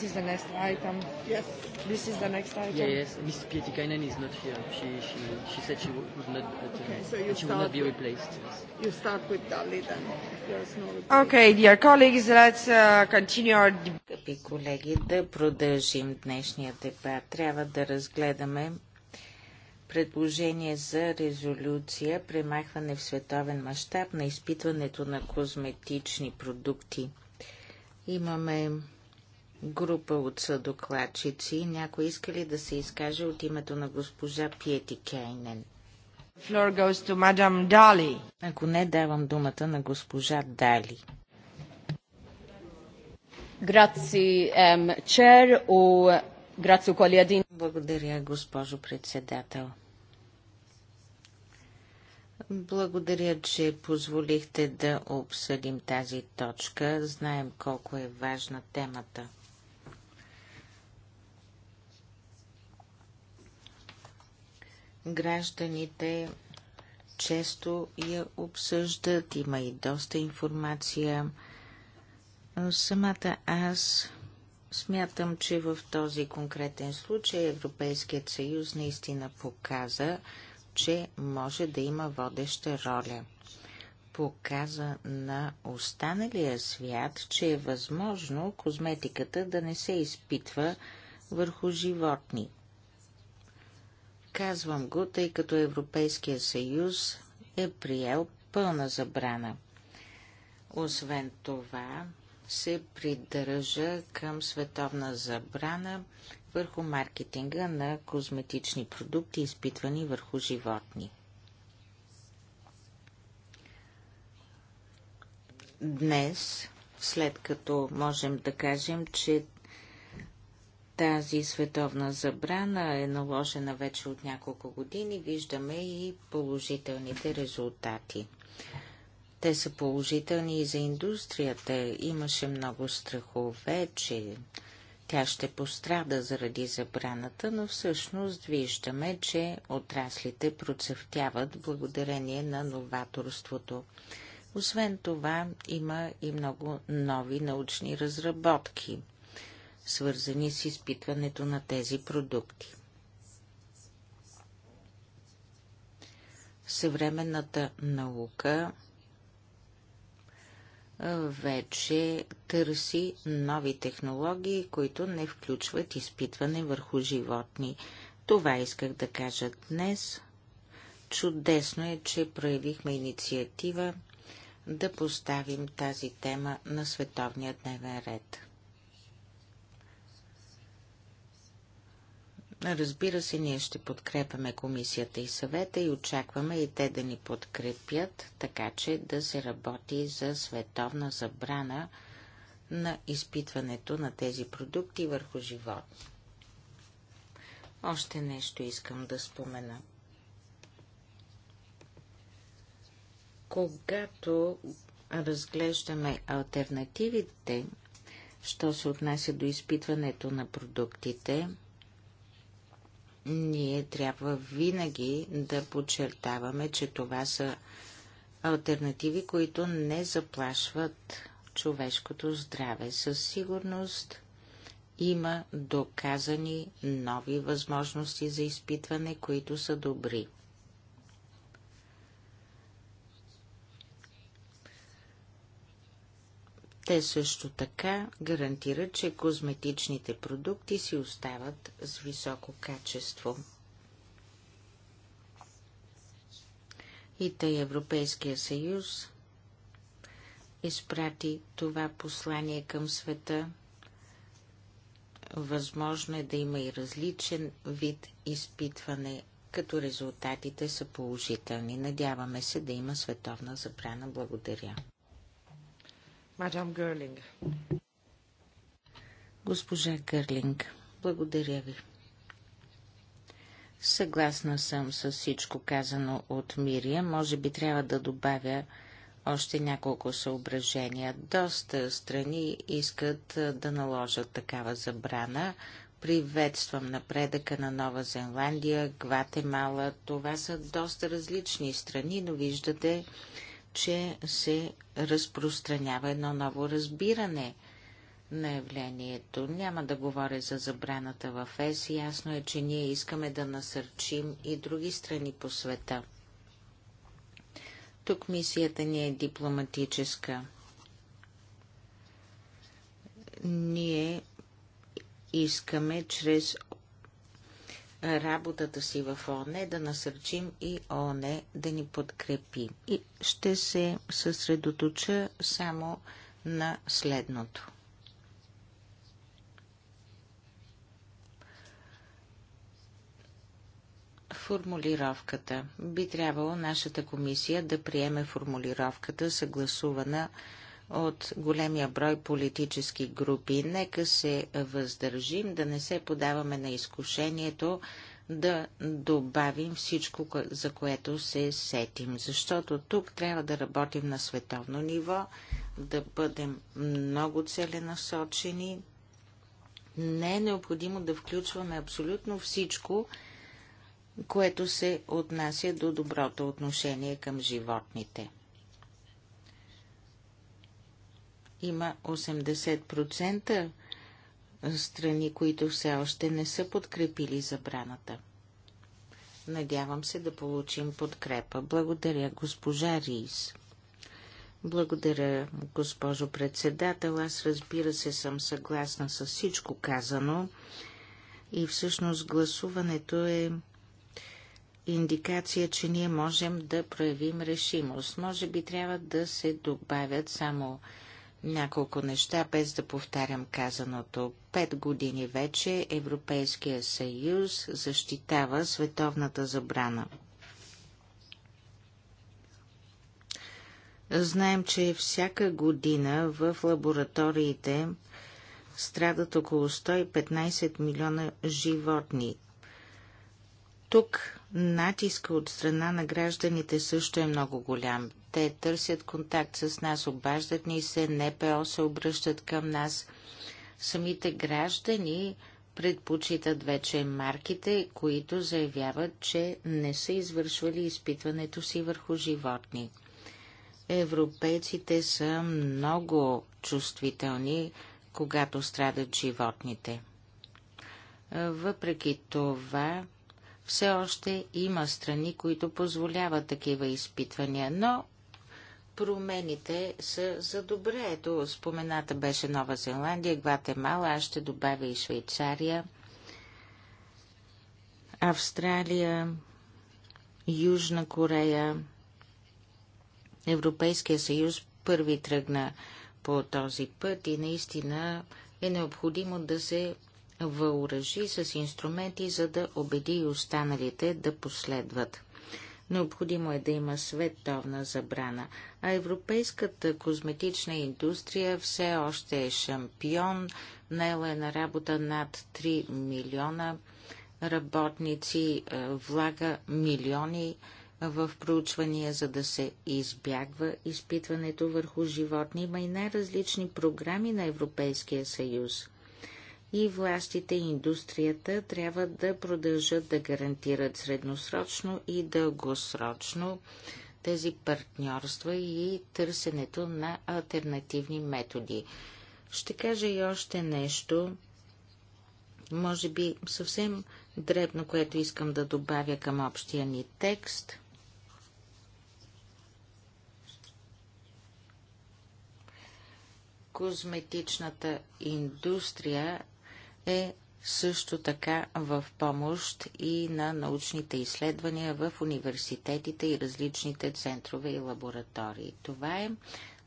this is the next item. Yes. This is the next item. Yeah, Yes, Miss Pietikainen is not here. She, she, she said she would not, attend, okay, so you she would not be replaced. Yes. You start with Dali then. No okay, dear colleagues, let's uh, continue our debate. колеги, да продължим днешния дебат. Трябва да разгледаме предложение за резолюция премахване в световен мащаб на изпитването на козметични продукти. Имаме група от съдокладчици. Някой иска ли да се изкаже от името на госпожа Пиети Кейнен? Floor goes to Madame Dali. Ако не, давам думата на госпожа Дали. Граци, чер, у... Граци, Благодаря, госпожо председател. Благодаря, че позволихте да обсъдим тази точка. Знаем колко е важна темата. Гражданите често я обсъждат, има и доста информация. Самата аз смятам, че в този конкретен случай Европейският съюз наистина показа, че може да има водеща роля. Показа на останалия свят, че е възможно козметиката да не се изпитва върху животни. Казвам го, тъй като Европейския съюз е приел пълна забрана. Освен това, се придържа към световна забрана върху маркетинга на козметични продукти, изпитвани върху животни. Днес, след като можем да кажем, че тази световна забрана е наложена вече от няколко години. Виждаме и положителните резултати. Те са положителни и за индустрията. Имаше много страхове, че тя ще пострада заради забраната, но всъщност виждаме, че отраслите процъфтяват благодарение на новаторството. Освен това, има и много нови научни разработки – свързани с изпитването на тези продукти. Съвременната наука вече търси нови технологии, които не включват изпитване върху животни. Това исках да кажа днес. Чудесно е, че проявихме инициатива да поставим тази тема на световния дневен ред. Разбира се, ние ще подкрепяме комисията и съвета и очакваме и те да ни подкрепят, така че да се работи за световна забрана на изпитването на тези продукти върху живот. Още нещо искам да спомена. Когато разглеждаме альтернативите, що се отнася до изпитването на продуктите, ние трябва винаги да подчертаваме, че това са альтернативи, които не заплашват човешкото здраве. Със сигурност има доказани нови възможности за изпитване, които са добри. Те също така гарантират, че козметичните продукти си остават с високо качество. И тъй Европейския съюз изпрати това послание към света. Възможно е да има и различен вид изпитване, като резултатите са положителни. Надяваме се да има световна забрана. Благодаря. Мадам Гърлинг. Госпожа Гърлинг, благодаря ви. Съгласна съм с всичко казано от Мирия. Може би трябва да добавя още няколко съображения. Доста страни искат да наложат такава забрана. Приветствам напредъка на Нова Зеландия, Гватемала. Това са доста различни страни, но виждате, че се разпространява едно ново разбиране на явлението. Няма да говоря за забраната в ЕС. Ясно е, че ние искаме да насърчим и други страни по света. Тук мисията ни е дипломатическа. Ние искаме чрез работата си в ООН, е да насърчим и ООН да ни подкрепи. И ще се съсредоточа само на следното. Формулировката. Би трябвало нашата комисия да приеме формулировката, съгласувана от големия брой политически групи. Нека се въздържим, да не се подаваме на изкушението да добавим всичко, за което се сетим, защото тук трябва да работим на световно ниво, да бъдем много целенасочени. Не е необходимо да включваме абсолютно всичко, което се отнася до доброто отношение към животните. Има 80% страни, които все още не са подкрепили забраната. Надявам се да получим подкрепа. Благодаря, госпожа Рис. Благодаря, госпожо председател. Аз разбира се съм съгласна с всичко казано. И всъщност гласуването е индикация, че ние можем да проявим решимост. Може би трябва да се добавят само няколко неща, без да повтарям казаното. Пет години вече Европейския съюз защитава световната забрана. Знаем, че всяка година в лабораториите страдат около 115 милиона животни. Тук натиска от страна на гражданите също е много голям. Те търсят контакт с нас, обаждат ни се, НПО се обръщат към нас. Самите граждани предпочитат вече марките, които заявяват, че не са извършвали изпитването си върху животни. Европейците са много чувствителни, когато страдат животните. Въпреки това, все още има страни, които позволяват такива изпитвания, но промените са за добре. Ето, спомената беше Нова Зеландия, Гватемала, аз ще добавя и Швейцария, Австралия, Южна Корея, Европейския съюз първи тръгна по този път и наистина е необходимо да се въоръжи с инструменти, за да убеди и останалите да последват. Необходимо е да има световна забрана, а европейската козметична индустрия все още е шампион, наела е на работа над 3 милиона работници, е, влага милиони в проучвания, за да се избягва изпитването върху животни. Има и най-различни програми на Европейския съюз и властите и индустрията трябва да продължат да гарантират средносрочно и дългосрочно тези партньорства и търсенето на альтернативни методи. Ще кажа и още нещо, може би съвсем дребно, което искам да добавя към общия ни текст. Козметичната индустрия е също така в помощ и на научните изследвания в университетите и различните центрове и лаборатории. Това е.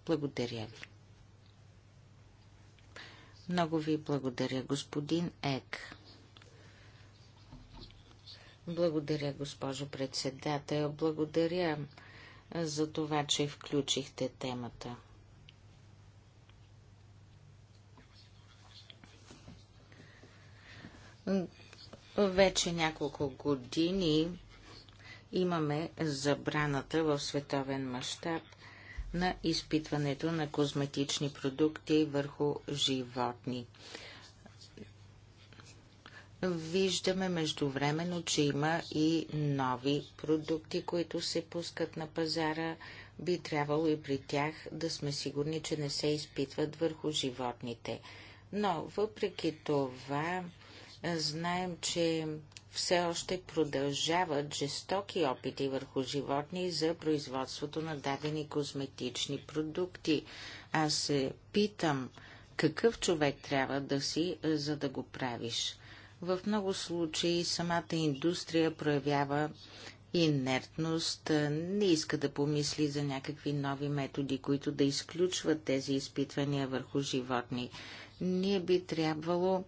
Благодаря ви. Много ви благодаря, господин Ек. Благодаря, госпожо председател. Благодаря за това, че включихте темата. Вече няколко години имаме забраната в световен мащаб на изпитването на козметични продукти върху животни. Виждаме междувременно, че има и нови продукти, които се пускат на пазара. Би трябвало и при тях да сме сигурни, че не се изпитват върху животните. Но въпреки това Знаем, че все още продължават жестоки опити върху животни за производството на дадени козметични продукти. Аз се питам, какъв човек трябва да си, за да го правиш? В много случаи самата индустрия проявява инертност, не иска да помисли за някакви нови методи, които да изключват тези изпитвания върху животни. Ние би трябвало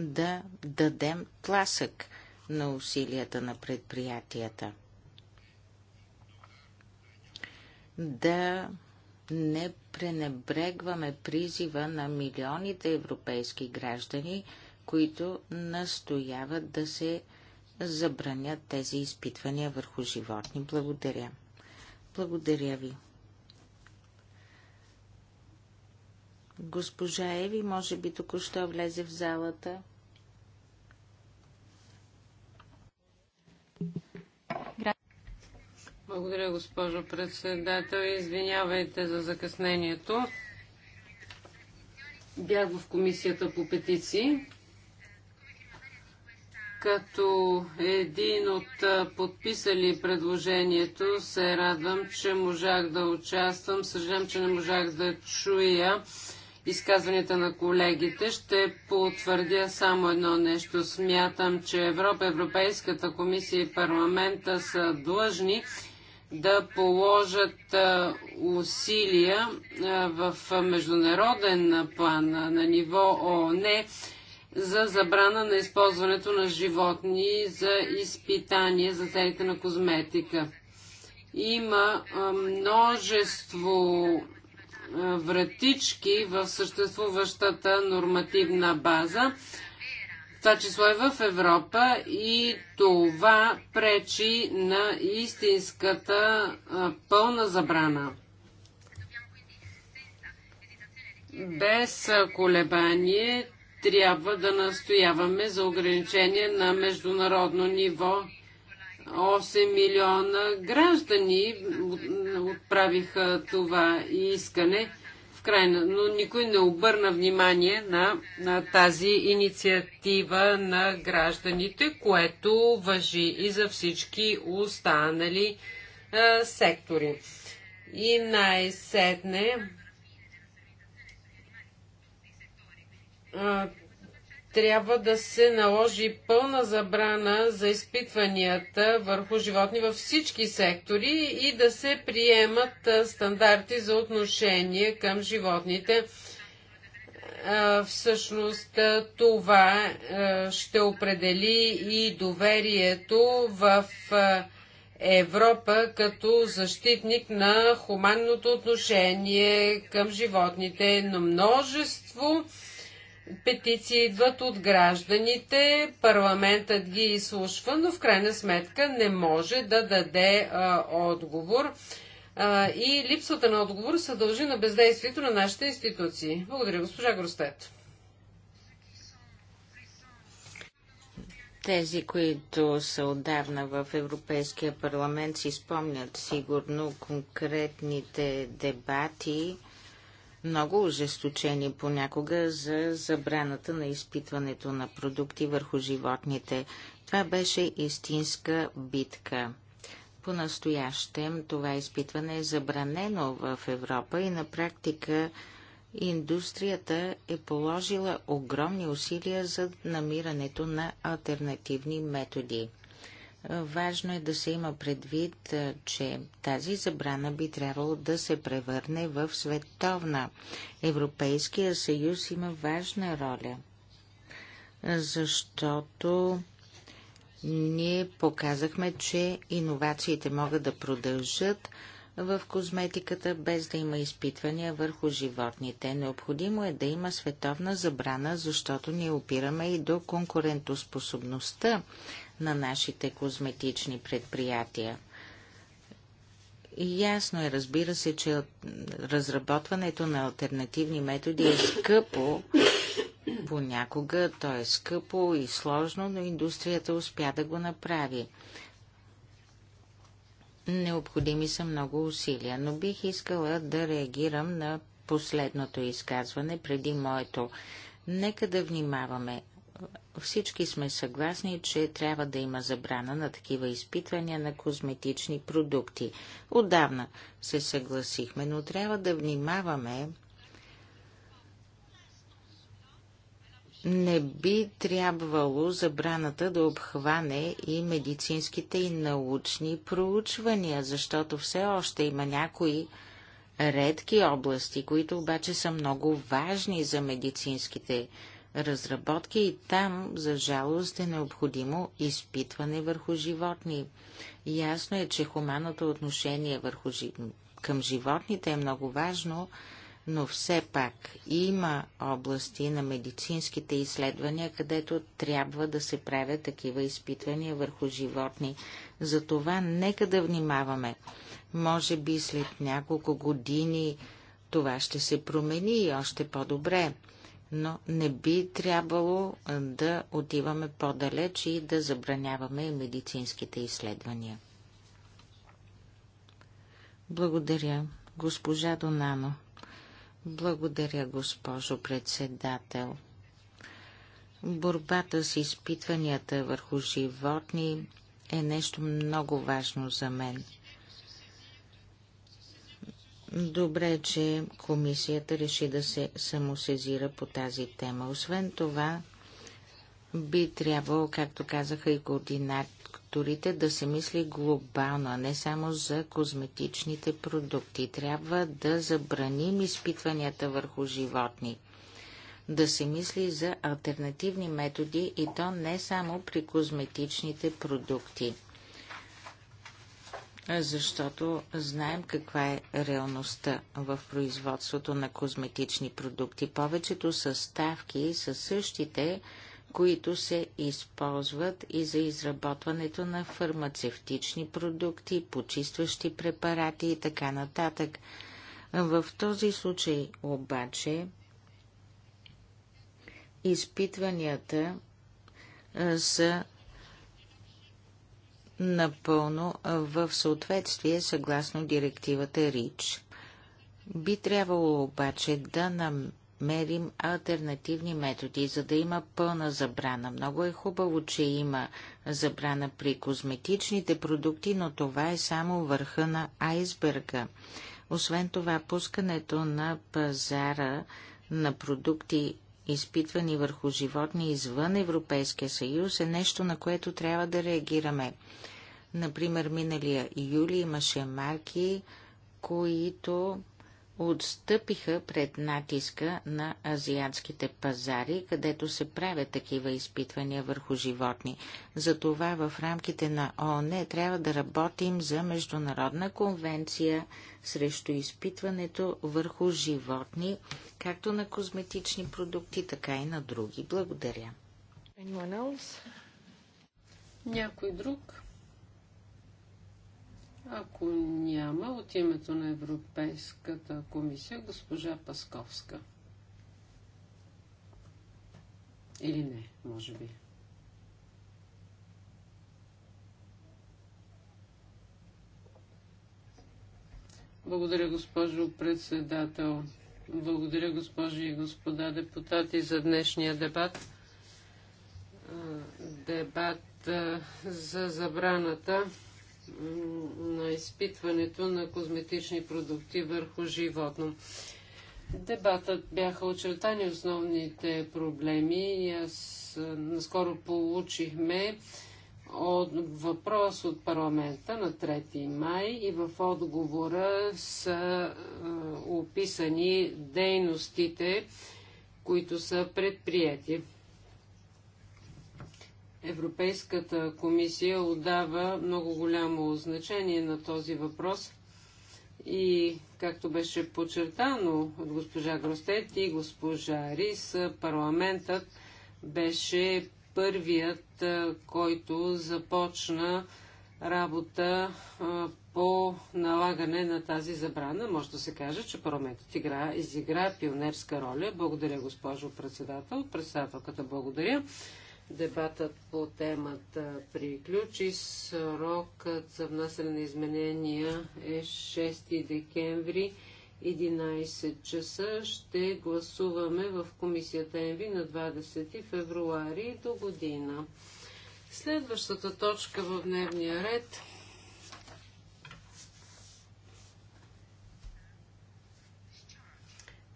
да дадем тласък на усилията на предприятията. Да не пренебрегваме призива на милионите европейски граждани, които настояват да се забранят тези изпитвания върху животни. Благодаря. Благодаря ви. Госпожа Еви, може би току-що влезе в залата. Благодаря, госпожо председател. Извинявайте за закъснението. Бях в комисията по петиции. Като един от подписали предложението, се радвам, че можах да участвам. Съжалявам, че не можах да чуя изказванията на колегите. Ще потвърдя само едно нещо. Смятам, че Европа, Европейската комисия и парламента са длъжни да положат усилия в международен план на ниво ООН за забрана на използването на животни за изпитание за целите на козметика. Има множество вратички в съществуващата нормативна база това число е в Европа и това пречи на истинската пълна забрана. Без колебание трябва да настояваме за ограничение на международно ниво. 8 милиона граждани отправиха това искане крайна, но никой не обърна внимание на, на тази инициатива на гражданите, което въжи и за всички останали а, сектори. И най-сетне трябва да се наложи пълна забрана за изпитванията върху животни във всички сектори и да се приемат стандарти за отношение към животните. Всъщност това ще определи и доверието в Европа като защитник на хуманното отношение към животните, но множество петиции идват от гражданите, парламентът ги изслушва, но в крайна сметка не може да даде а, отговор. А, и липсата на отговор се дължи на бездействието на нашите институции. Благодаря, госпожа Гростет. Тези, които са отдавна в Европейския парламент, си спомнят сигурно конкретните дебати, много ожесточени понякога за забраната на изпитването на продукти върху животните. Това беше истинска битка. По-настоящем това изпитване е забранено в Европа и на практика индустрията е положила огромни усилия за намирането на альтернативни методи. Важно е да се има предвид, че тази забрана би трябвало да се превърне в световна. Европейския съюз има важна роля, защото ние показахме, че иновациите могат да продължат в козметиката, без да има изпитвания върху животните. Необходимо е да има световна забрана, защото ние опираме и до конкурентоспособността на нашите козметични предприятия. Ясно е, разбира се, че разработването на альтернативни методи е скъпо. Понякога то е скъпо и сложно, но индустрията успя да го направи. Необходими са много усилия, но бих искала да реагирам на последното изказване преди моето. Нека да внимаваме всички сме съгласни, че трябва да има забрана на такива изпитвания на козметични продукти. Отдавна се съгласихме, но трябва да внимаваме. Не би трябвало забраната да обхване и медицинските и научни проучвания, защото все още има някои редки области, които обаче са много важни за медицинските проучвания разработки и там, за жалост, е необходимо изпитване върху животни. Ясно е, че хуманното отношение върху, към животните е много важно, но все пак има области на медицинските изследвания, където трябва да се правят такива изпитвания върху животни. Затова нека да внимаваме. Може би след няколко години това ще се промени и още по-добре но не би трябвало да отиваме по-далеч и да забраняваме медицинските изследвания. Благодаря, госпожа Донано. Благодаря, госпожо председател. Борбата с изпитванията върху животни е нещо много важно за мен – Добре, че комисията реши да се самосезира по тази тема. Освен това, би трябвало, както казаха и координаторите, да се мисли глобално, а не само за козметичните продукти. Трябва да забраним изпитванията върху животни. Да се мисли за альтернативни методи и то не само при козметичните продукти защото знаем каква е реалността в производството на козметични продукти. Повечето съставки са същите, които се използват и за изработването на фармацевтични продукти, почистващи препарати и така нататък. В този случай обаче изпитванията са напълно в съответствие съгласно директивата РИЧ. Би трябвало обаче да намерим альтернативни методи, за да има пълна забрана. Много е хубаво, че има забрана при козметичните продукти, но това е само върха на айсберга. Освен това, пускането на пазара на продукти, изпитвани върху животни извън Европейския съюз, е нещо, на което трябва да реагираме. Например, миналия юли имаше марки, които отстъпиха пред натиска на азиатските пазари, където се правят такива изпитвания върху животни. Затова в рамките на ООН трябва да работим за Международна конвенция срещу изпитването върху животни, както на козметични продукти, така и на други. Благодаря. Някой друг? Ако няма, от името на Европейската комисия госпожа Пасковска. Или не, може би. Благодаря, госпожо председател. Благодаря, госпожи и господа депутати, за днешния дебат. Дебат за забраната на изпитването на козметични продукти върху животно. Дебатът бяха очертани основните проблеми и аз наскоро получихме от въпрос от парламента на 3 май и в отговора са описани дейностите, които са предприяти. Европейската комисия отдава много голямо значение на този въпрос и, както беше подчертано от госпожа Гростет и госпожа Рис, парламентът беше първият, който започна работа по налагане на тази забрана. Може да се каже, че парламентът игра, изигра пионерска роля. Благодаря, госпожо председател. Председателката благодаря. Дебатът по темата приключи. Срокът за внасяне на изменения е 6 декември 11 часа. Ще гласуваме в комисията ЕНВИ на 20 февруари до година. Следващата точка в дневния ред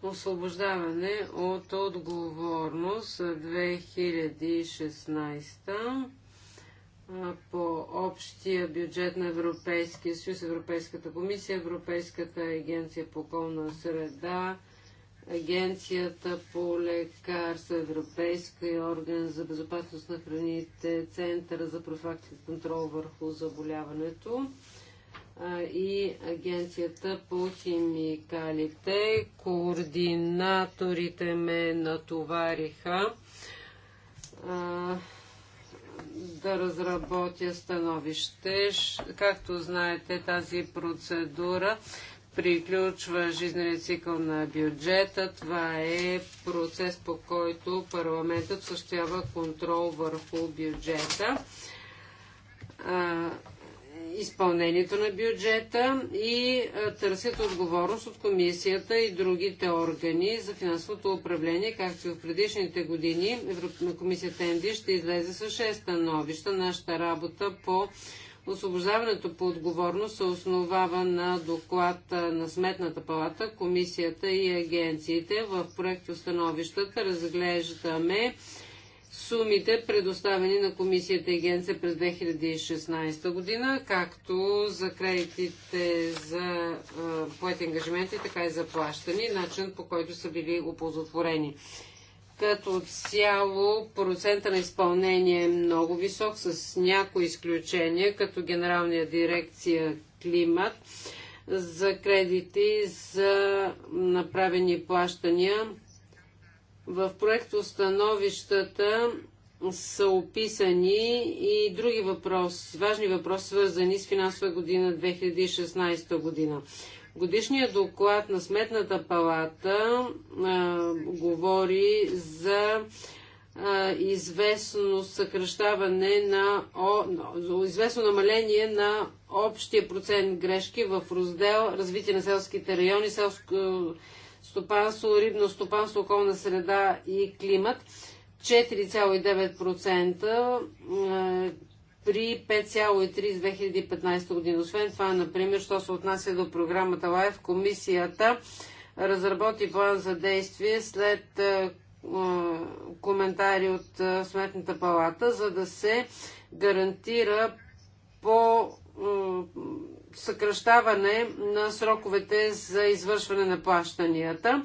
освобождаване от отговорност 2016 по общия бюджет на Европейския съюз, Европейската комисия, Европейската агенция по околна среда, Агенцията по лекарства, Европейския орган за безопасност на храните, Центъра за профилактика и контрол върху заболяването и Агенцията по химикалите. Координаторите ме натовариха а, да разработя становище. Както знаете, тази процедура приключва жизненият цикъл на бюджета. Това е процес, по който парламентът съществява контрол върху бюджета. А, изпълнението на бюджета и търсят отговорност от комисията и другите органи за финансовото управление, както и в предишните години. Комисията НД ще излезе с шест становища. Нашата работа по освобождаването по отговорност се основава на доклад на Сметната палата, комисията и агенциите. В проекто становищата разглеждаме сумите, предоставени на комисията и агенция през 2016 година, както за кредитите за поети ангажименти, така и за плащани, начин по който са били оползотворени. Като цяло процента на изпълнение е много висок, с някои изключения, като Генералния дирекция Климат за кредити за направени плащания в проектостановищата са описани и други въпроси, важни въпроси, свързани с финансова година 2016 година. Годишният доклад на Сметната палата а, говори за а, известно съкръщаване на о, известно намаление на общия процент грешки в раздел развитие на селските райони, селско стопанство, рибно стопанство, околна среда и климат 4,9% е, при 5,3 с 2015 година. Освен това, например, що се отнася до програмата ЛАЕВ, комисията разработи план за действие след е, е, коментари от Сметната палата, за да се гарантира по съкръщаване на сроковете за извършване на плащанията.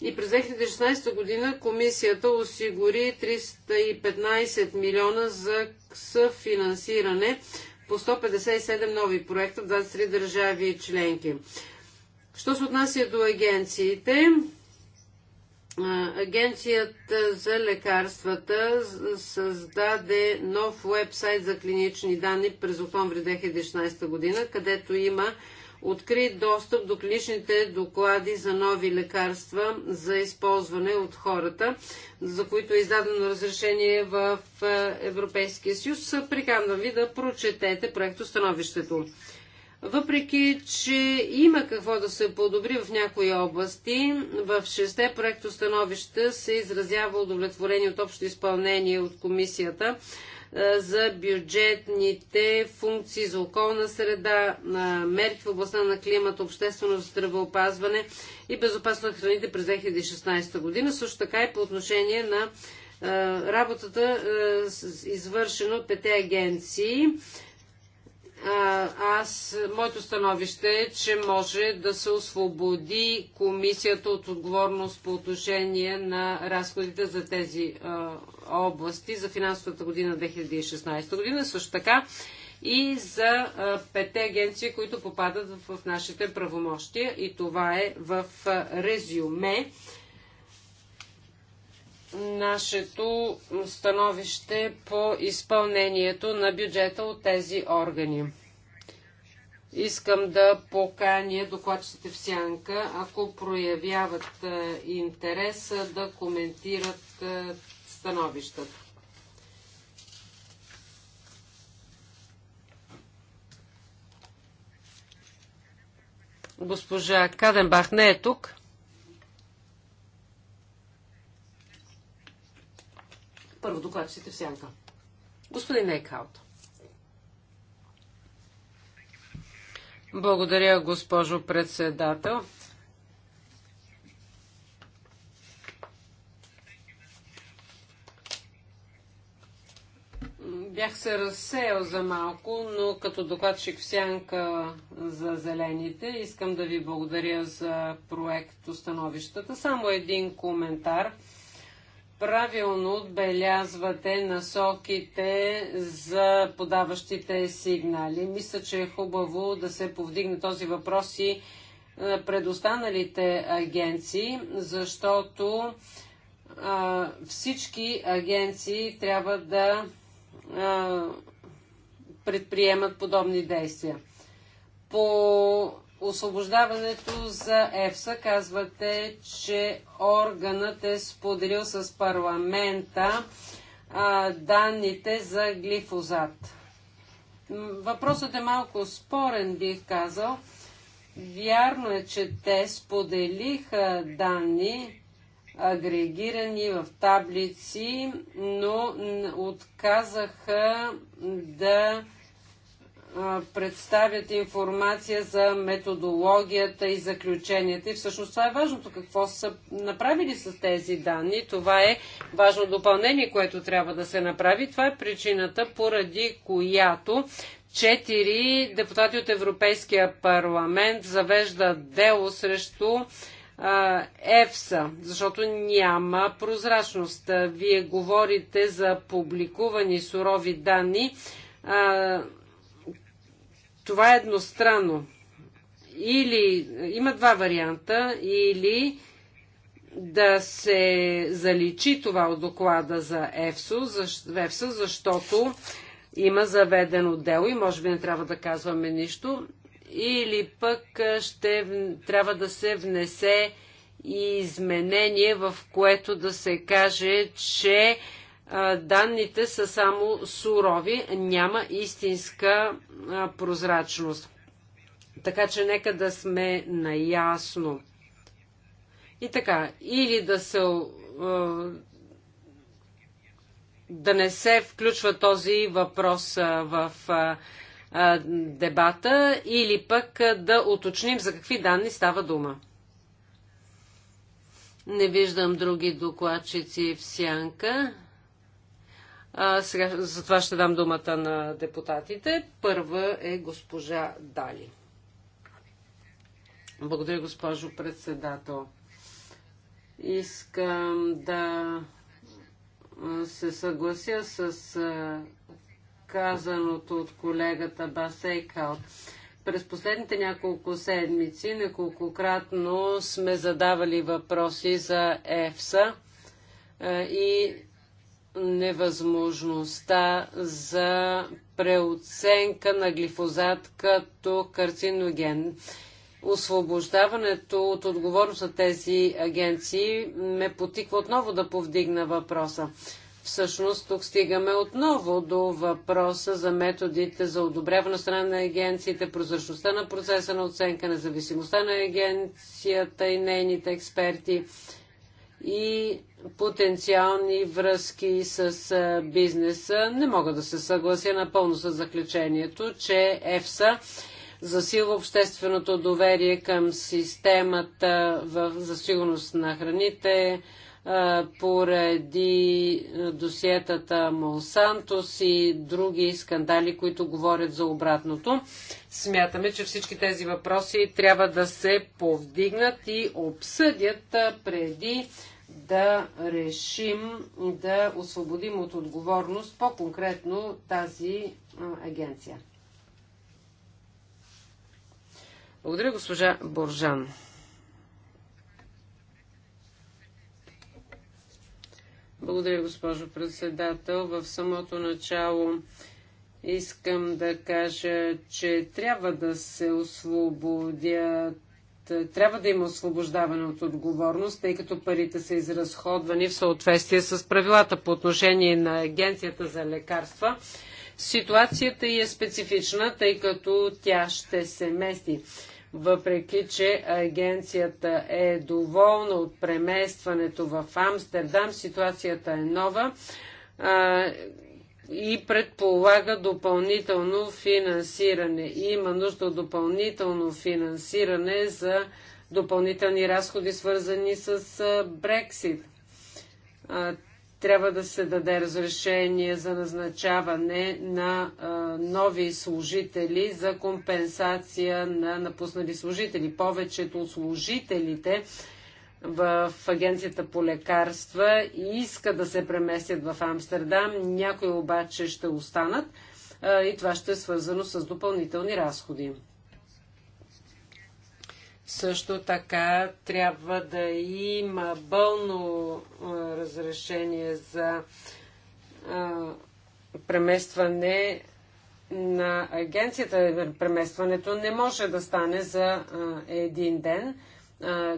И през 2016 година комисията осигури 315 милиона за съфинансиране по 157 нови проекта в 23 държави и членки. Що се отнася до агенциите, Агенцията за лекарствата създаде нов вебсайт за клинични данни през октомври 2016 година, където има открит достъп до клиничните доклади за нови лекарства за използване от хората, за които е издадено разрешение в е, Европейския съюз. Приканвам ви да прочетете проекто становището. Въпреки, че има какво да се подобри в някои области, в шесте проектостановища се изразява удовлетворение от общо изпълнение от комисията за бюджетните функции за околна среда, мерки в областта на климата, обществено здравеопазване и безопасно на храните през 2016 година, също така и по отношение на работата, извършена от пете агенции аз, моето становище е, че може да се освободи комисията от отговорност по отношение на разходите за тези а, области за финансовата година 2016 година, също така и за пете агенции, които попадат в, в нашите правомощия. И това е в резюме нашето становище по изпълнението на бюджета от тези органи. Искам да поканя докладчите в сянка, ако проявяват е, интерес е, да коментират е, становищата. Госпожа Каденбах не е тук. Първо докладчите в сянка. Господин Ейкхаут. Благодаря, госпожо председател. Бях се разсеял за малко, но като докладчик в сянка за зелените, искам да ви благодаря за проект установищата. Само един коментар – Правилно отбелязвате насоките за подаващите сигнали. Мисля, че е хубаво да се повдигне този въпрос и е, пред останалите агенции, защото а, всички агенции трябва да а, предприемат подобни действия. По освобождаването за ЕФСА казвате, че органът е споделил с парламента а, данните за глифозат. Въпросът е малко спорен, бих казал. Вярно е, че те споделиха данни, агрегирани в таблици, но отказаха да представят информация за методологията и заключенията. И всъщност това е важното. Какво са направили с тези данни? Това е важно допълнение, което трябва да се направи. Това е причината, поради която четири депутати от Европейския парламент завеждат дело срещу ЕФСА, защото няма прозрачност. Вие говорите за публикувани сурови данни. Това е едностранно. Или е, има два варианта, или да се заличи това от доклада за ЕФСО, защ, ЕФСО защото има заведено дело и може би не трябва да казваме нищо, или пък е, ще трябва да се внесе изменение, в което да се каже, че данните са само сурови, няма истинска прозрачност. Така че нека да сме наясно. И така, или да се да не се включва този въпрос в дебата или пък да уточним за какви данни става дума. Не виждам други докладчици в сянка. А, сега за това ще дам думата на депутатите. Първа е госпожа Дали. Благодаря, госпожо председател. Искам да се съглася с казаното от колегата Басейкал. През последните няколко седмици неколкократно сме задавали въпроси за ЕФСА и невъзможността за преоценка на глифозат като карциноген. Освобождаването от отговорност на тези агенции ме потиква отново да повдигна въпроса. Всъщност тук стигаме отново до въпроса за методите за одобряване страна на агенциите, прозрачността на процеса на оценка, независимостта на агенцията и нейните експерти и потенциални връзки с бизнеса. Не мога да се съглася напълно с заключението, че ЕФСА засилва общественото доверие към системата за сигурност на храните поради досиетата Монсантос и други скандали, които говорят за обратното. Смятаме, че всички тези въпроси трябва да се повдигнат и обсъдят преди да решим да освободим от отговорност по-конкретно тази агенция. Благодаря, госпожа Боржан. Благодаря, госпожо председател. В самото начало искам да кажа, че трябва да се освободят е, трябва да има освобождаване от отговорност, тъй като парите са изразходвани в съответствие с правилата по отношение на Агенцията за лекарства. Ситуацията и е специфична, тъй като тя ще се мести. Въпреки, че агенцията е доволна от преместването в Амстердам, ситуацията е нова и предполага допълнително финансиране. Има нужда от допълнително финансиране за допълнителни разходи, свързани с Брексит. Трябва да се даде разрешение за назначаване на нови служители за компенсация на напуснали служители. Повечето от служителите в Агенцията по лекарства и иска да се преместят в Амстердам. Някои обаче ще останат и това ще е свързано с допълнителни разходи. Също така трябва да има бълно разрешение за преместване на агенцията. Преместването не може да стане за един ден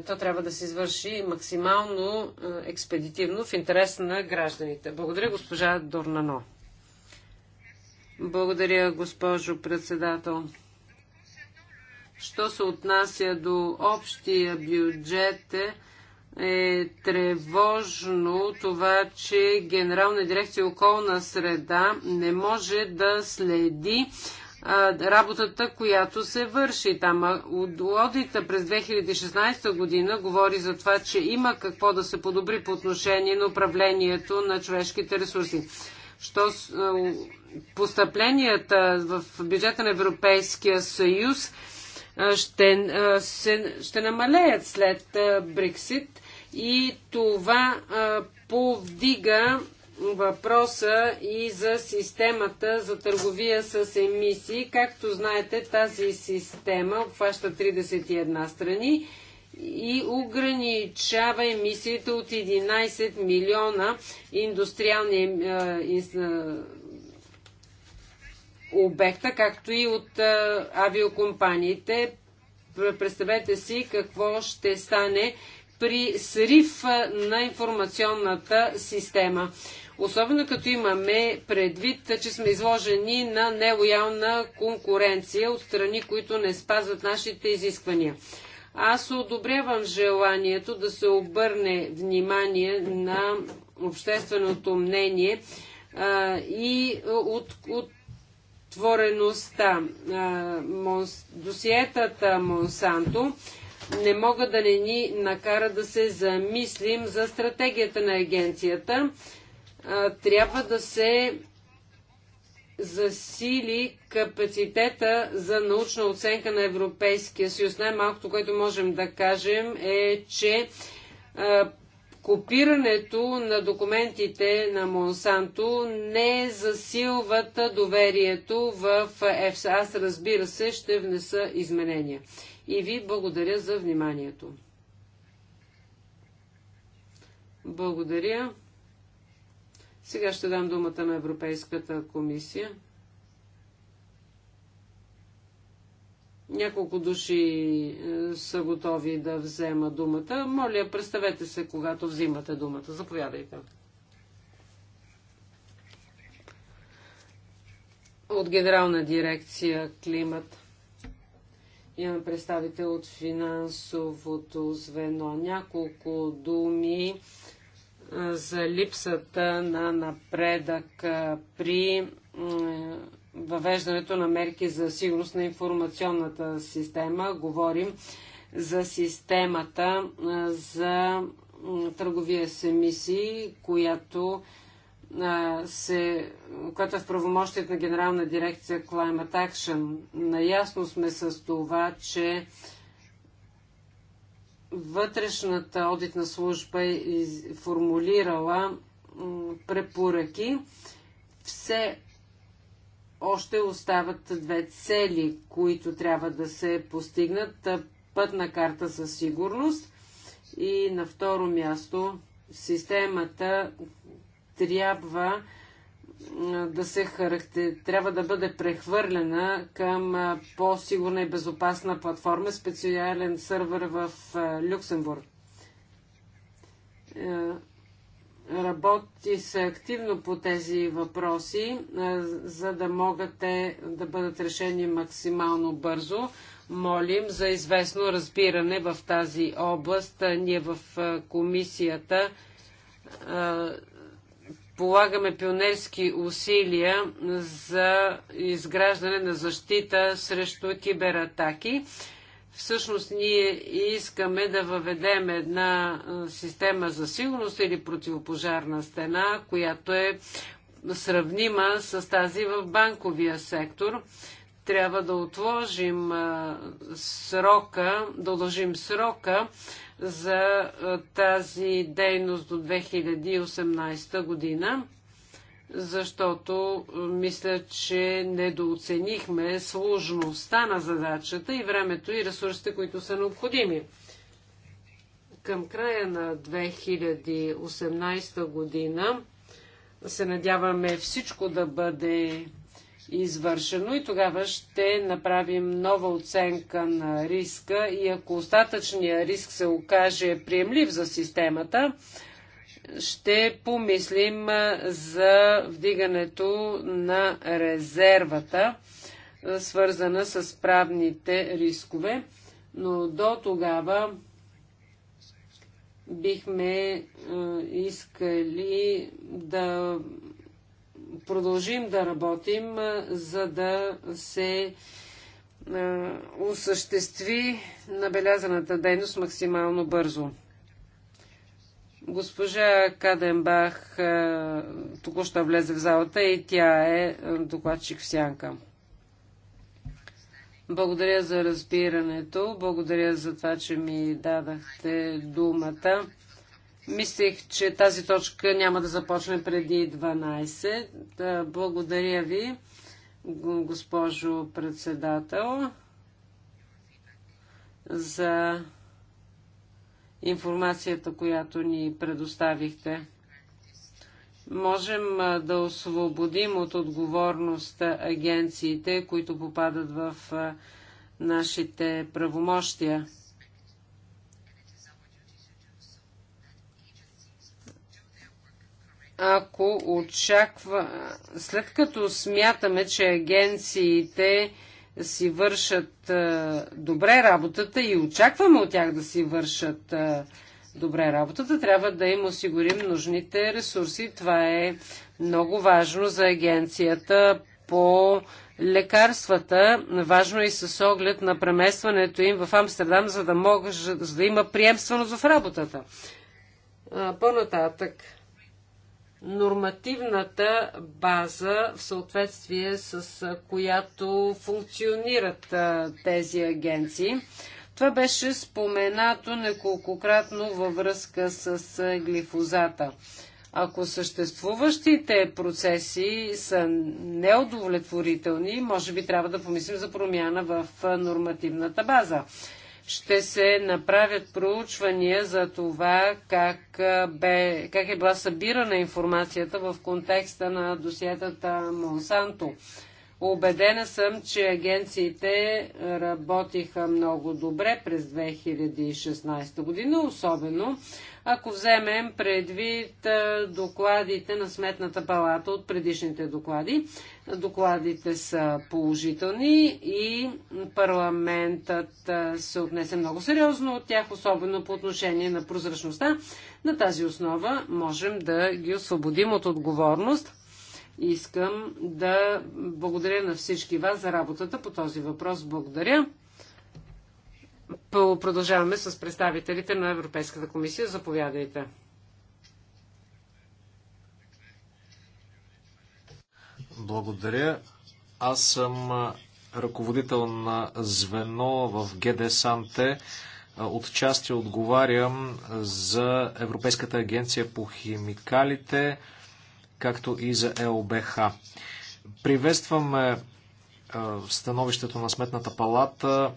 то трябва да се извърши максимално експедитивно в интерес на гражданите. Благодаря, госпожа Дорнано. Благодаря, госпожо председател. Що се отнася до общия бюджет, е, е тревожно това, че Генерална дирекция околна среда не може да следи работата, която се върши там. Одита през 2016 година говори за това, че има какво да се подобри по отношение на управлението на човешките ресурси. Що постъпленията в бюджета на Европейския съюз ще, се, ще намалеят след Брексит и това повдига въпроса и за системата за търговия с емисии. Както знаете, тази система обхваща 31 страни и ограничава емисиите от 11 милиона индустриални е, е, обекта, както и от е, авиокомпаниите. Представете си какво ще стане при срив е, на информационната система. Особено като имаме предвид, че сме изложени на нелоялна конкуренция от страни, които не спазват нашите изисквания. Аз одобрявам желанието да се обърне внимание на общественото мнение а, и от, от твореността. досиетата Монсанто не могат да не ни накара да се замислим за стратегията на агенцията трябва да се засили капацитета за научна оценка на Европейския съюз. Най-малкото, което можем да кажем е, че копирането на документите на Монсанто не засилват доверието в ЕФСА. Аз разбира се ще внеса изменения. И ви благодаря за вниманието. Благодаря. Сега ще дам думата на Европейската комисия. Няколко души е, са готови да взема думата. Моля, представете се, когато взимате думата. Заповядайте. От Генерална дирекция Климат. Имам представител от финансовото звено. Няколко думи за липсата на напредък при въвеждането на мерки за сигурност на информационната система. Говорим за системата за търговия с емисии, която се, която е в правомощият на Генерална дирекция Climate Action. Наясно сме с това, че вътрешната одитна служба е формулирала препоръки, все още остават две цели, които трябва да се постигнат. Пътна карта за сигурност и на второ място системата трябва да се характер... трябва да бъде прехвърлена към по-сигурна и безопасна платформа, специален сървър в Люксембург. Работи се активно по тези въпроси, за да могат те да бъдат решени максимално бързо. Молим за известно разбиране в тази област. Ние в комисията полагаме пионерски усилия за изграждане на защита срещу кибератаки. Всъщност ние искаме да въведем една система за сигурност или противопожарна стена, която е сравнима с тази в банковия сектор. Трябва да отложим срока, да удължим срока за е, тази дейност до 2018 година, защото е, мисля, че недооценихме сложността на задачата и времето и ресурсите, които са необходими. Към края на 2018 година се надяваме всичко да бъде извършено и тогава ще направим нова оценка на риска и ако остатъчният риск се окаже приемлив за системата, ще помислим за вдигането на резервата, свързана с правните рискове, но до тогава бихме искали да продължим да работим, за да се осъществи набелязаната дейност максимално бързо. Госпожа Каденбах току-що влезе в залата и тя е докладчик в сянка. Благодаря за разбирането, благодаря за това, че ми дадахте думата. Мислех, че тази точка няма да започне преди 12. благодаря ви, госпожо председател, за информацията, която ни предоставихте. Можем да освободим от отговорност агенциите, които попадат в нашите правомощия. ако очаква, след като смятаме, че агенциите си вършат а, добре работата и очакваме от тях да си вършат а, добре работата, трябва да им осигурим нужните ресурси. Това е много важно за агенцията по лекарствата. Важно е и с оглед на преместването им в Амстердам, за да, мога, за да има приемственост в работата. По-нататък нормативната база, в съответствие с която функционират тези агенции. Това беше споменато неколкократно във връзка с глифозата. Ако съществуващите процеси са неудовлетворителни, може би трябва да помислим за промяна в нормативната база ще се направят проучвания за това как, бе, как е била събирана информацията в контекста на досиетата Монсанто. Обедена съм, че агенциите работиха много добре през 2016 година, особено ако вземем предвид докладите на Сметната палата от предишните доклади. Докладите са положителни и парламентът се отнесе много сериозно от тях, особено по отношение на прозрачността. На тази основа можем да ги освободим от отговорност. Искам да благодаря на всички вас за работата по този въпрос. Благодаря. Продължаваме с представителите на Европейската комисия. Заповядайте. Благодаря. Аз съм ръководител на звено в ГД Санте. Отчасти отговарям за Европейската агенция по химикалите, както и за ЕОБХ. Приветстваме становището на Сметната палата.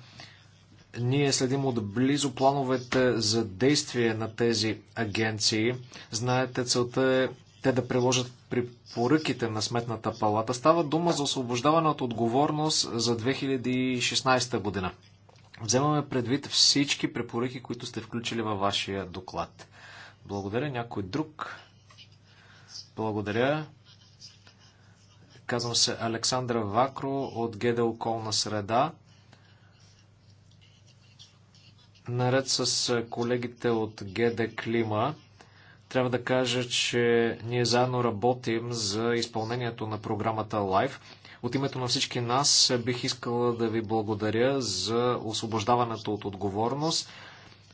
Ние следим отблизо плановете за действие на тези агенции. Знаете, целта е те да приложат при поръките на Сметната палата. Става дума за освобождаване от отговорност за 2016 година. Вземаме предвид всички препоръки, които сте включили във вашия доклад. Благодаря. Някой друг? Благодаря. Казвам се Александра Вакро от ГДО Околна среда. Наред с колегите от ГД Клима, трябва да кажа, че ние заедно работим за изпълнението на програмата LIFE. От името на всички нас бих искала да ви благодаря за освобождаването от отговорност.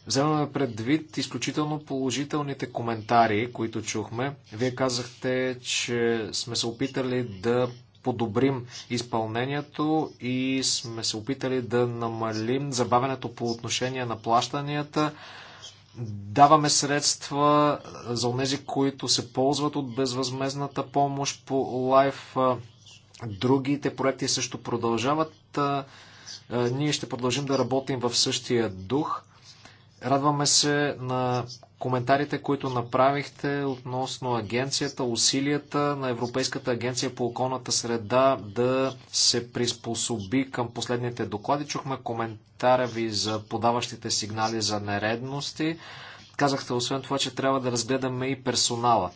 Вземаме предвид изключително положителните коментари, които чухме. Вие казахте, че сме се опитали да подобрим изпълнението и сме се опитали да намалим забавянето по отношение на плащанията даваме средства за тези, които се ползват от безвъзмезната помощ по лайф. Другите проекти също продължават. Ние ще продължим да работим в същия дух. Радваме се на коментарите, които направихте относно агенцията, усилията на Европейската агенция по околната среда да се приспособи към последните доклади. Чухме коментара ви за подаващите сигнали за нередности. Казахте освен това, че трябва да разгледаме и персонала.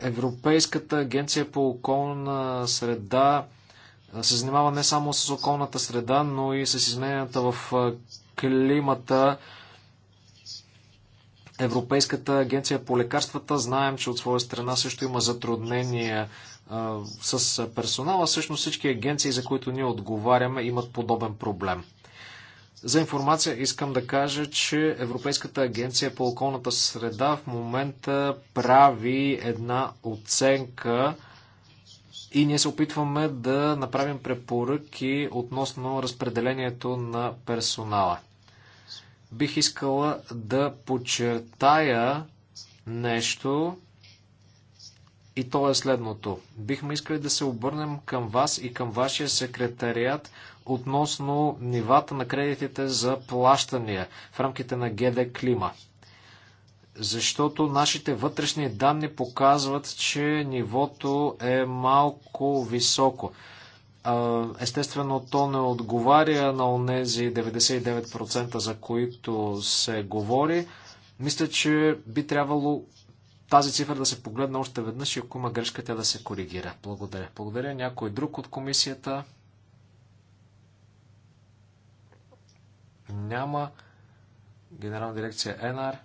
Европейската агенция по околна среда се занимава не само с околната среда, но и с измененията в климата. Европейската агенция по лекарствата. Знаем, че от своя страна също има затруднения а, с персонала. Всъщност всички агенции, за които ние отговаряме, имат подобен проблем. За информация искам да кажа, че Европейската агенция по околната среда в момента прави една оценка и ние се опитваме да направим препоръки относно разпределението на персонала бих искала да подчертая нещо и то е следното. Бихме искали да се обърнем към вас и към вашия секретариат относно нивата на кредитите за плащания в рамките на ГД Клима. Защото нашите вътрешни данни показват, че нивото е малко високо. Естествено, то не отговаря на онези 99%, за които се говори. Мисля, че би трябвало тази цифра да се погледне още веднъж и ако има грешка, тя да се коригира. Благодаря. Благодаря. Някой друг от комисията? Няма. Генерална дирекция ЕНАР.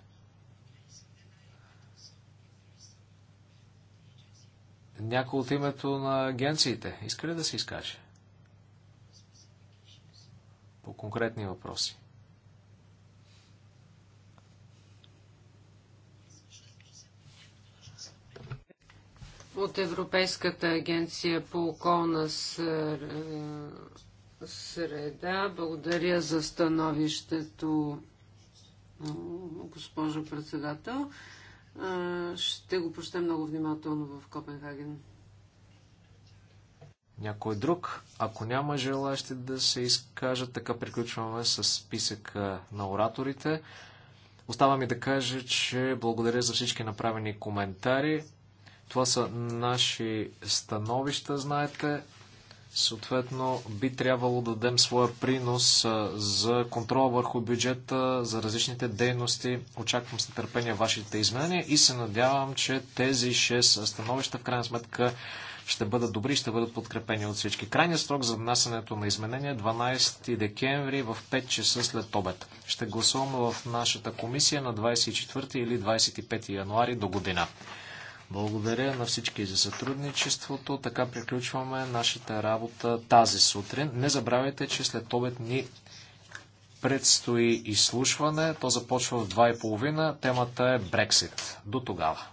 Някой от името на агенциите иска ли да се изкаже? По конкретни въпроси. От Европейската агенция по околна среда. Благодаря за становището, госпожо председател ще го прочетем много внимателно в Копенхаген. Някой друг? Ако няма желащи да се изкажат, така приключваме с списък на ораторите. Остава ми да кажа, че благодаря за всички направени коментари. Това са наши становища, знаете. Съответно, би трябвало да дадем своя принос за контрола върху бюджета, за различните дейности. Очаквам с нетърпение вашите изменения и се надявам, че тези 6 становища в крайна сметка ще бъдат добри, ще бъдат подкрепени от всички. Крайният срок за внасянето на изменения 12 е декември в 5 часа след обед. Ще гласуваме в нашата комисия на 24 или 25 януари до година. Благодаря на всички за сътрудничеството. Така приключваме нашата работа тази сутрин. Не забравяйте, че след обед ни предстои изслушване. То започва в 2.30. Темата е Брексит. До тогава.